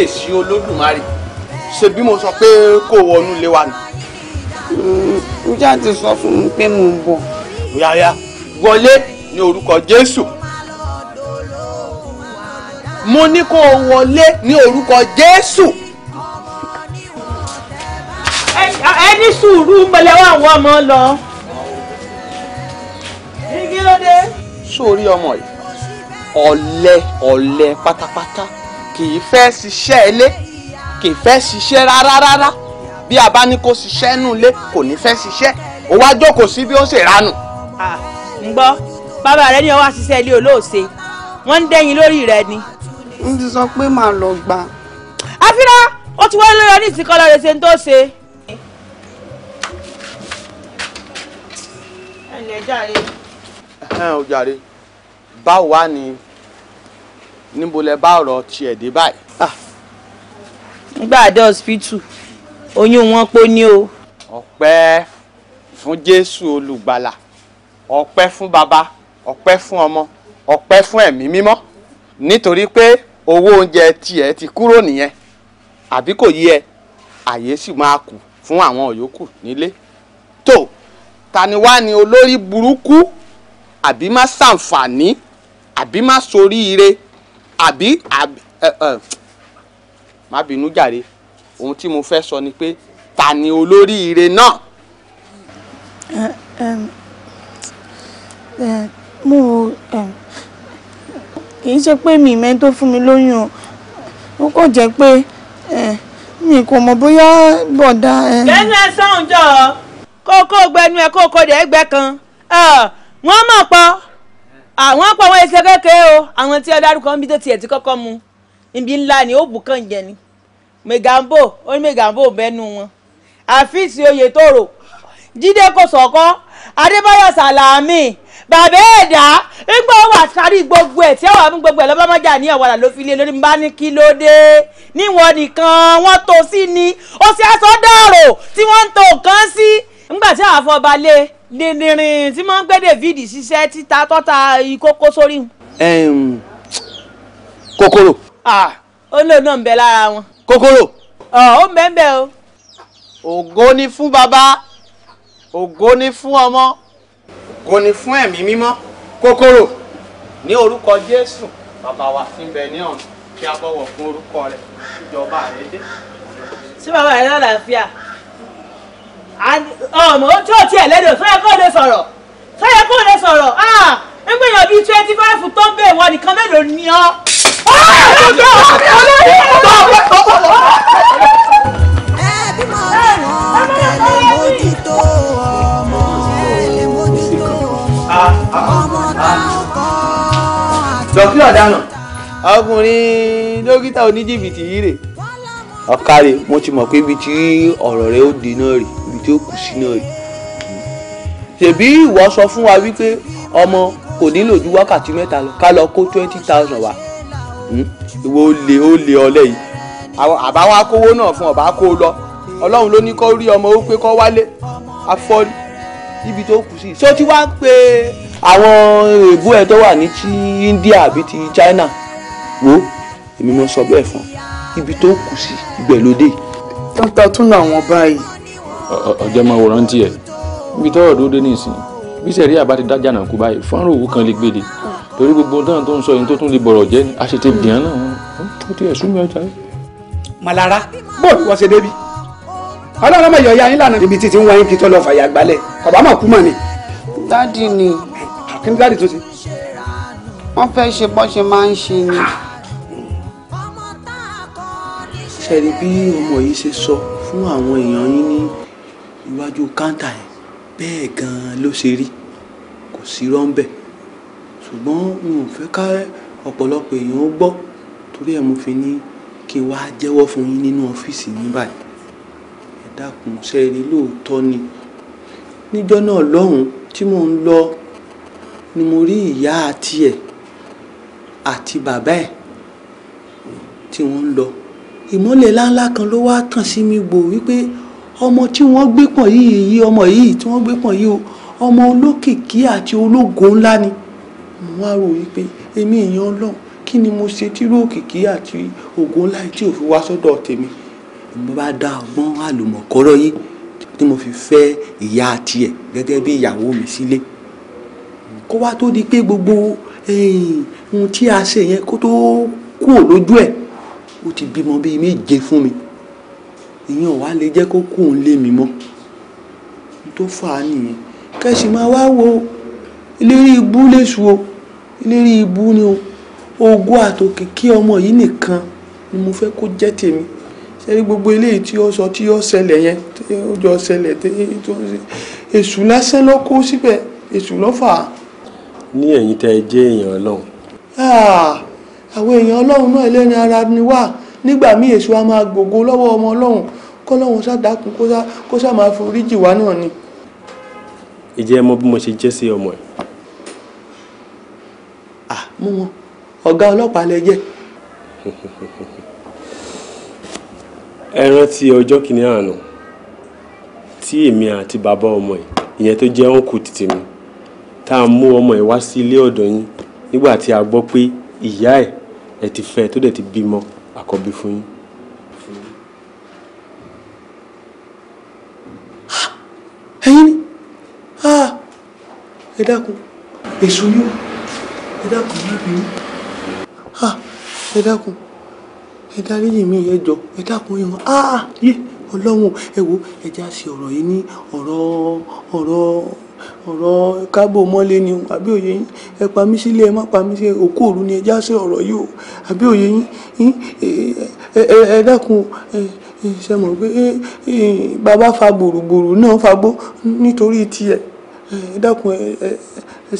kábíyèsí olódùmarè ṣe bí mo sọ pé kò wọnú ilé wa nù. ǹjẹ́ àti sọ fún mi pé mò ń bọ̀. yàyà wọlé ní orúkọ jésù mo ní kó o wọlé ní orúkọ jésù. ẹni sùúrù pẹ̀lẹ́ wà wọ ọmọ lọ. kí ló sórí ọmọ yìí ọ̀lẹ ọ̀lẹ pátápátá kì í fẹ́ ṣiṣẹ́ ilé kì í fẹ́ ṣiṣẹ́ rárá rárá bí a bá ní kó ṣiṣẹ́ nù lé kò ní fẹ́ ṣiṣẹ́ ó wá jókòó sí bí ó ṣe ranù. ń gbọ́ bàbá rẹ ní ọwọ́ àṣìṣe ilé olóòṣè wọ́n ń dẹ́yìn lórí rẹ ni. n ti sọ pé màá lọ gbà. àfírà ó ti wọ́n lóyún oníṣìí kọ́ lọ́ọ́ ṣe ń tó ṣe. ẹ ǹlẹ́ jàre. ẹ ǹ jàre báwo wá ni níbo lẹ bá ọ̀rọ̀ tiẹ̀ dé báyìí. Ah. nígbà dé ọsibítù oyún wọn pọ̀ ní o. ọpẹ́ fún jésù olùgbàlà ọpẹ́ fún baba ọpẹ́ fún ọmọ ọpẹ́ fún ẹ̀mí mímọ́ nítorí pé owó oúnjẹ tiẹ̀ ti kúrò nìyẹn àbí kò yí ẹ àyè sì máa kù fún àwọn yòókù nílé tó ta ni wá ni olórí burúkú àbí má ṣàǹfààní àbí má ṣoríire àbí má bínú jàre ohun tí mo fẹ́ sọ ni pé ta ni olóríire náà. mo kì í ṣe pé mi ìmẹ́ tó fún mi lóyún o kò jẹ́ pé mi kò mọ̀ bóyá bọ̀dá. gbẹ́nu ẹ sọ́hún kókó gbẹ́nu ẹ kókó dẹ̀ ẹgbẹ́ kan wọ́n mọ̀ pọ̀ àwọn pọ̀ wọ́n ṣe kékeré o àwọn tí wọ́n dárúkọ níbi tó tiẹ̀ ti kọ́kọ́ mu níbi ńlá ni ó bù kàn jẹ ni mẹgàmbó ó ní mẹgàmbó bẹ́nu wọn àfíìsì oyètòrò jíde kò sọ̀kọ́ adébáyọ̀ sàlámì bàbá ẹ̀dá nígbà ó wà kárí gbogbo ẹ̀ tí ó wà fún gbogbo ẹ̀ lọ́ba májà ní ọ̀wàlà ló fi lé lórí bá ní kí ló dé níwọ̀n nìkan wọ́n tó sí ni ó sì aṣọ dàrò tí wọ́n ń to nǹkan sí nígbà tí àwọn afọbalẹ̀ dìndìnrín tí máa ń gbé David ṣiṣẹ́ títa tọ́ta ìkókó sórí. kòkòrò. ó lè náà ń bẹ lára wọn. kòkòrò. ó ń bẹ́ẹ̀ bẹ́ẹ̀ o. ògo ni fún bàbá ògo ni fún ọmọ ògo ni fún ẹ̀mí mímọ́ kòkòrò ní orúkọ Jésù bàbá wa ti ń bẹ ní ọ̀nà kí a bọ̀wọ̀ fún orúkọ rẹ̀ ìjọba rẹ̀ dé. sí bàbá rẹ̀ lálàáfíà ọmọ um, ó tí ò tiẹ̀ lẹ́dọ̀ sọ́yà kó lè sọ̀rọ̀ sọ́yà kó lè sọ̀rọ̀ ah! ń gbìyànjú bíi twenty five tó ń bẹ̀ wọ́n nìkan mélòó ni ọ́. Ah! ẹbí mọ̀ ọ́n tẹ̀lé mójútó ọmọ tẹ̀lé mójútó ọmọ tá a kọ́ àti. dókítà ọ̀daràn ọkùnrin dókítà oníjìbìtì yìí rè ọ̀kárẹ̀ mo ti mọ̀ pé ibi tí ọ̀rọ̀ rẹ̀ ó dé náà rè tí ó kù sí náà tèbí ìwọ sọ fún wa wípé ọmọ kò nílò ju wákàtí mẹ́ta lọ ká lọ kó twenty thousand wa hmm? ìwọ ó lè ó lè ọlẹ́ yìí àbáwọn akówó náà fún ọba kó lọ ọlọ́run ló ní kó rí ọmọ ó pé kó wálé afọ́rí níbi tó kù sí i. sọ ti wá pé àwọn èbú ẹ tó wà ní ti India àbí ti China wo èmi mo sọ bẹ́ẹ̀ fún ibi tó kù sí ibẹ̀ lóde. dókítà tún làwọn báyìí ọjọ́ mọ́ wòran tiẹ̀ níbi tọ́rọ̀ dúró dé nìsín bí sẹ̀rí àbá ti dájà nàkú báyìí fọ́nrán òwú kan lè gbèdè torí gbogbo náà tó ń sọ yìí tó tún lè bọ̀rọ̀ jẹ́ ni àṣetẹ bìyàn náà ó ti ẹ̀sùn mi ọjà yìí. màlára bóòlù wọ́n ṣe débi ọlọ́run mọ̀ yọ̀ọ́yá yín lànà ibi títí ń wáyé kí lọ fàyà gbalẹ̀ ọ̀bá mà kú mà ni. dádì ni. kí ni dádì tó ṣe. wọ́n fẹ́ ṣe bọ́ ṣe máa ń ṣe ni. ṣẹ̀rí bí ọmọ yìí ṣe sọ fún àwọn èèyàn yín ní iwájú káńtà yẹn bẹ́ẹ̀ gan-an ló ṣe rí kò sí rọ́ńbẹ̀ ṣùgbọ́n n ò fẹ́ ká ọ̀pọ̀lọpọ̀ èèyàn gbọ́ torí ẹ̀ mo fi ní kí n wá jẹ́wọ́ fún yín nínú ọ́fíìsì ní báyìí ẹ dákun ṣe rí lóòótọ́ ni níjọ́ náà lọ́hùn tí mò ń lọ ni mo rí ìyá àti ẹ̀ àti bàbá ẹ̀ tí wọ́n ń lọ ìmọ́lẹ̀ láńlá kan ló wá tàn sí mi gbò wípé ọmọ tí wọ́n gbé pọ̀ yìí èyí ọmọ yìí tí wọ́n gbé pọ̀ yìí o ọmọ olókìkí àti ológo ńlá ni mo wá rò wípé èmi èèyàn ọlọ́run kí ni mo ṣe tírú òkìkí àti ògo ńlá tí ò fi wá sọ́dọ̀ tèmi mo bá dá ọgbọ́n àlùmọ̀kọ́rọ́ yìí tí mo fi fẹ́ ìyá tiẹ̀ gẹ́gẹ́ bí ìyàwó mi sílé kó wá tó di pé gbogbo eh, ohun tí a ṣe yẹn kó tó kúrò lójú ẹ̀ ó ti bímọ bíi méje fún mi ìyẹn ò wá lè jẹ́ kó kù ń lé mi mọ́ tó fà á nìyẹn kẹ́sì máa wá wo eléré ibú léṣu o eléré ibú ni o ogún àtòkè kí ọmọ yìí nìkan ni mo fẹ́ kó jẹ́ tèmi ṣẹ́rí gbogbo eléyìí tí ó sọ tí ó ṣẹlẹ̀ yẹn tí ó jọ ṣẹlẹ̀ tó ń ṣe èṣù lásán ló kó síbẹ̀ èṣù ló fà á. ní ẹ̀yin tẹ́ ẹ jẹ́ èèyàn ọlọ́run. àwọn èèyàn ọlọ́run náà ẹlẹ́ni ara ni wá nígbà míì èṣù á máa gbògo lọ́wọ́ ọmọ ọlọ́run kọ́lọ́run ṣàdákun kó ṣá máa foríjì wá náà ni. ìjẹ́ ẹ mọ̀ bí mo ṣe jẹ́ sí ọmọ ẹ̀. à mú wọn ọ̀gá ọlọ́pàá lẹ jẹ́. ẹ rántí ọjọ́ kìíní àná tí èmi àti bàbá ọmọ ẹ̀ ìyẹn tó jẹ́ òǹkù tètè mi tá a mú ọmọ ẹ̀ wá sí ilé ọ̀dọ̀ yín nígbà tí a gbọ́ pé ìyá ẹ̀ ẹ̀ ti fẹ́ tó dẹ̀ ti bímọ àkọ́bí fún yín. ẹ̀yin ni ah, ẹ dákun èso yóò ẹ dákun má bínú ah, ẹ dákun ẹ dáríjì mi ẹ jọ ẹ dákun yìí wọn ah, yé ọlọ́run ẹ wo ẹ já sí ọ̀rọ̀ yìí ní ọ̀rọ̀ ọ̀rọ̀ ọ̀rọ̀ kábò mọ́lé ni o àbí òye yín ẹ pa mí sílé ẹ má pa mí sílé òkú òru ni ẹ já sí ọ̀rọ̀ yìí o àbí òye yín ẹ dákun ṣe mọ̀ pé bàbá fa gbòrògbòrò náà fagbó nítorí tiẹ̀ ẹ dákun ẹ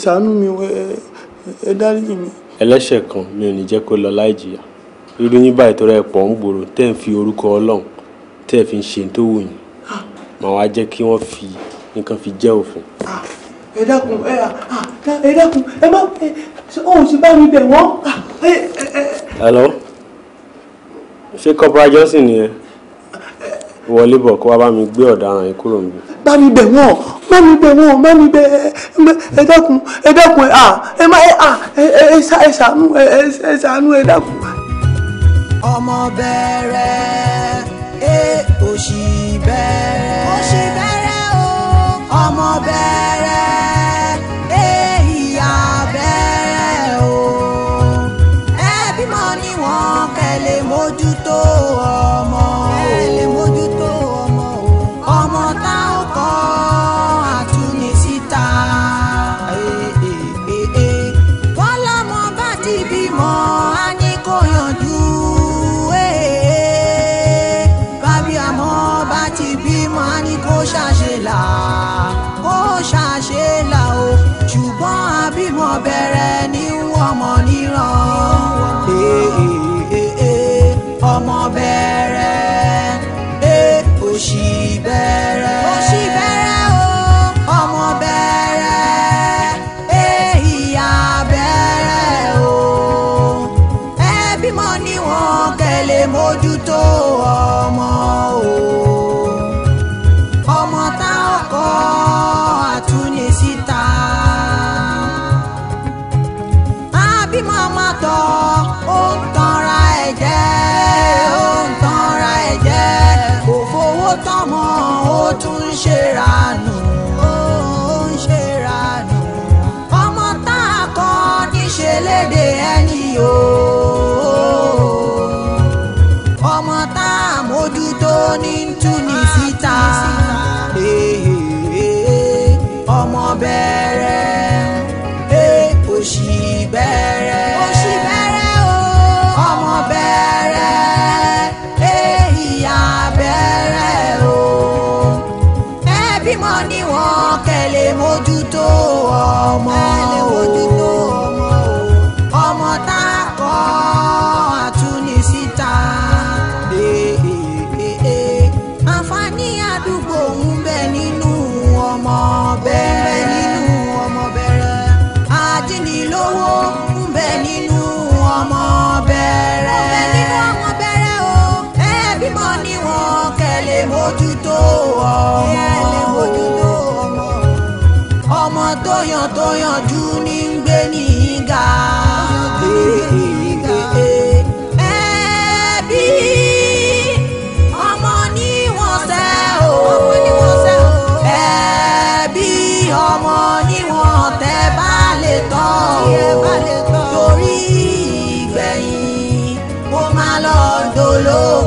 ṣàánú mi ẹ dáríjì mi. ẹlẹ́ṣẹ̀ kan mi ò ní jẹ́ kó lọ láì jìyà irú yín báyìí tọ́ra ẹ̀ pọ̀ ń gbòòrò tẹ́ ẹ̀ fi orúkọ ọlọ́run tẹ́ ẹ̀ fi ń ṣe tó wù yín ah. màá wá jẹ́ kí wọ́n fi nǹkan fi jẹ́ òfin. Ah, ẹ dákun ah, ah, ẹ dákun ẹ má ọ ò sì bá mi bẹ̀ wọ́n. hello ṣé corporal johnson ni ẹ wọlé bọ̀ kó wá bá mi gbé ọ̀daràn yìí kúrò níbí. bá mi bẹ̀ wọ́n bá mi bẹ̀ wọ́n bá mi bẹ̀ ẹ dákun ẹ dákun ẹ má ẹ ṣàánú ẹ ṣàánú ẹ dákun. ọmọ bẹ̀rẹ̀ ẹ òṣì bẹ̀rẹ̀. ọ̀gẹ̀rẹ̀ ni wọ́n mọ̀ oh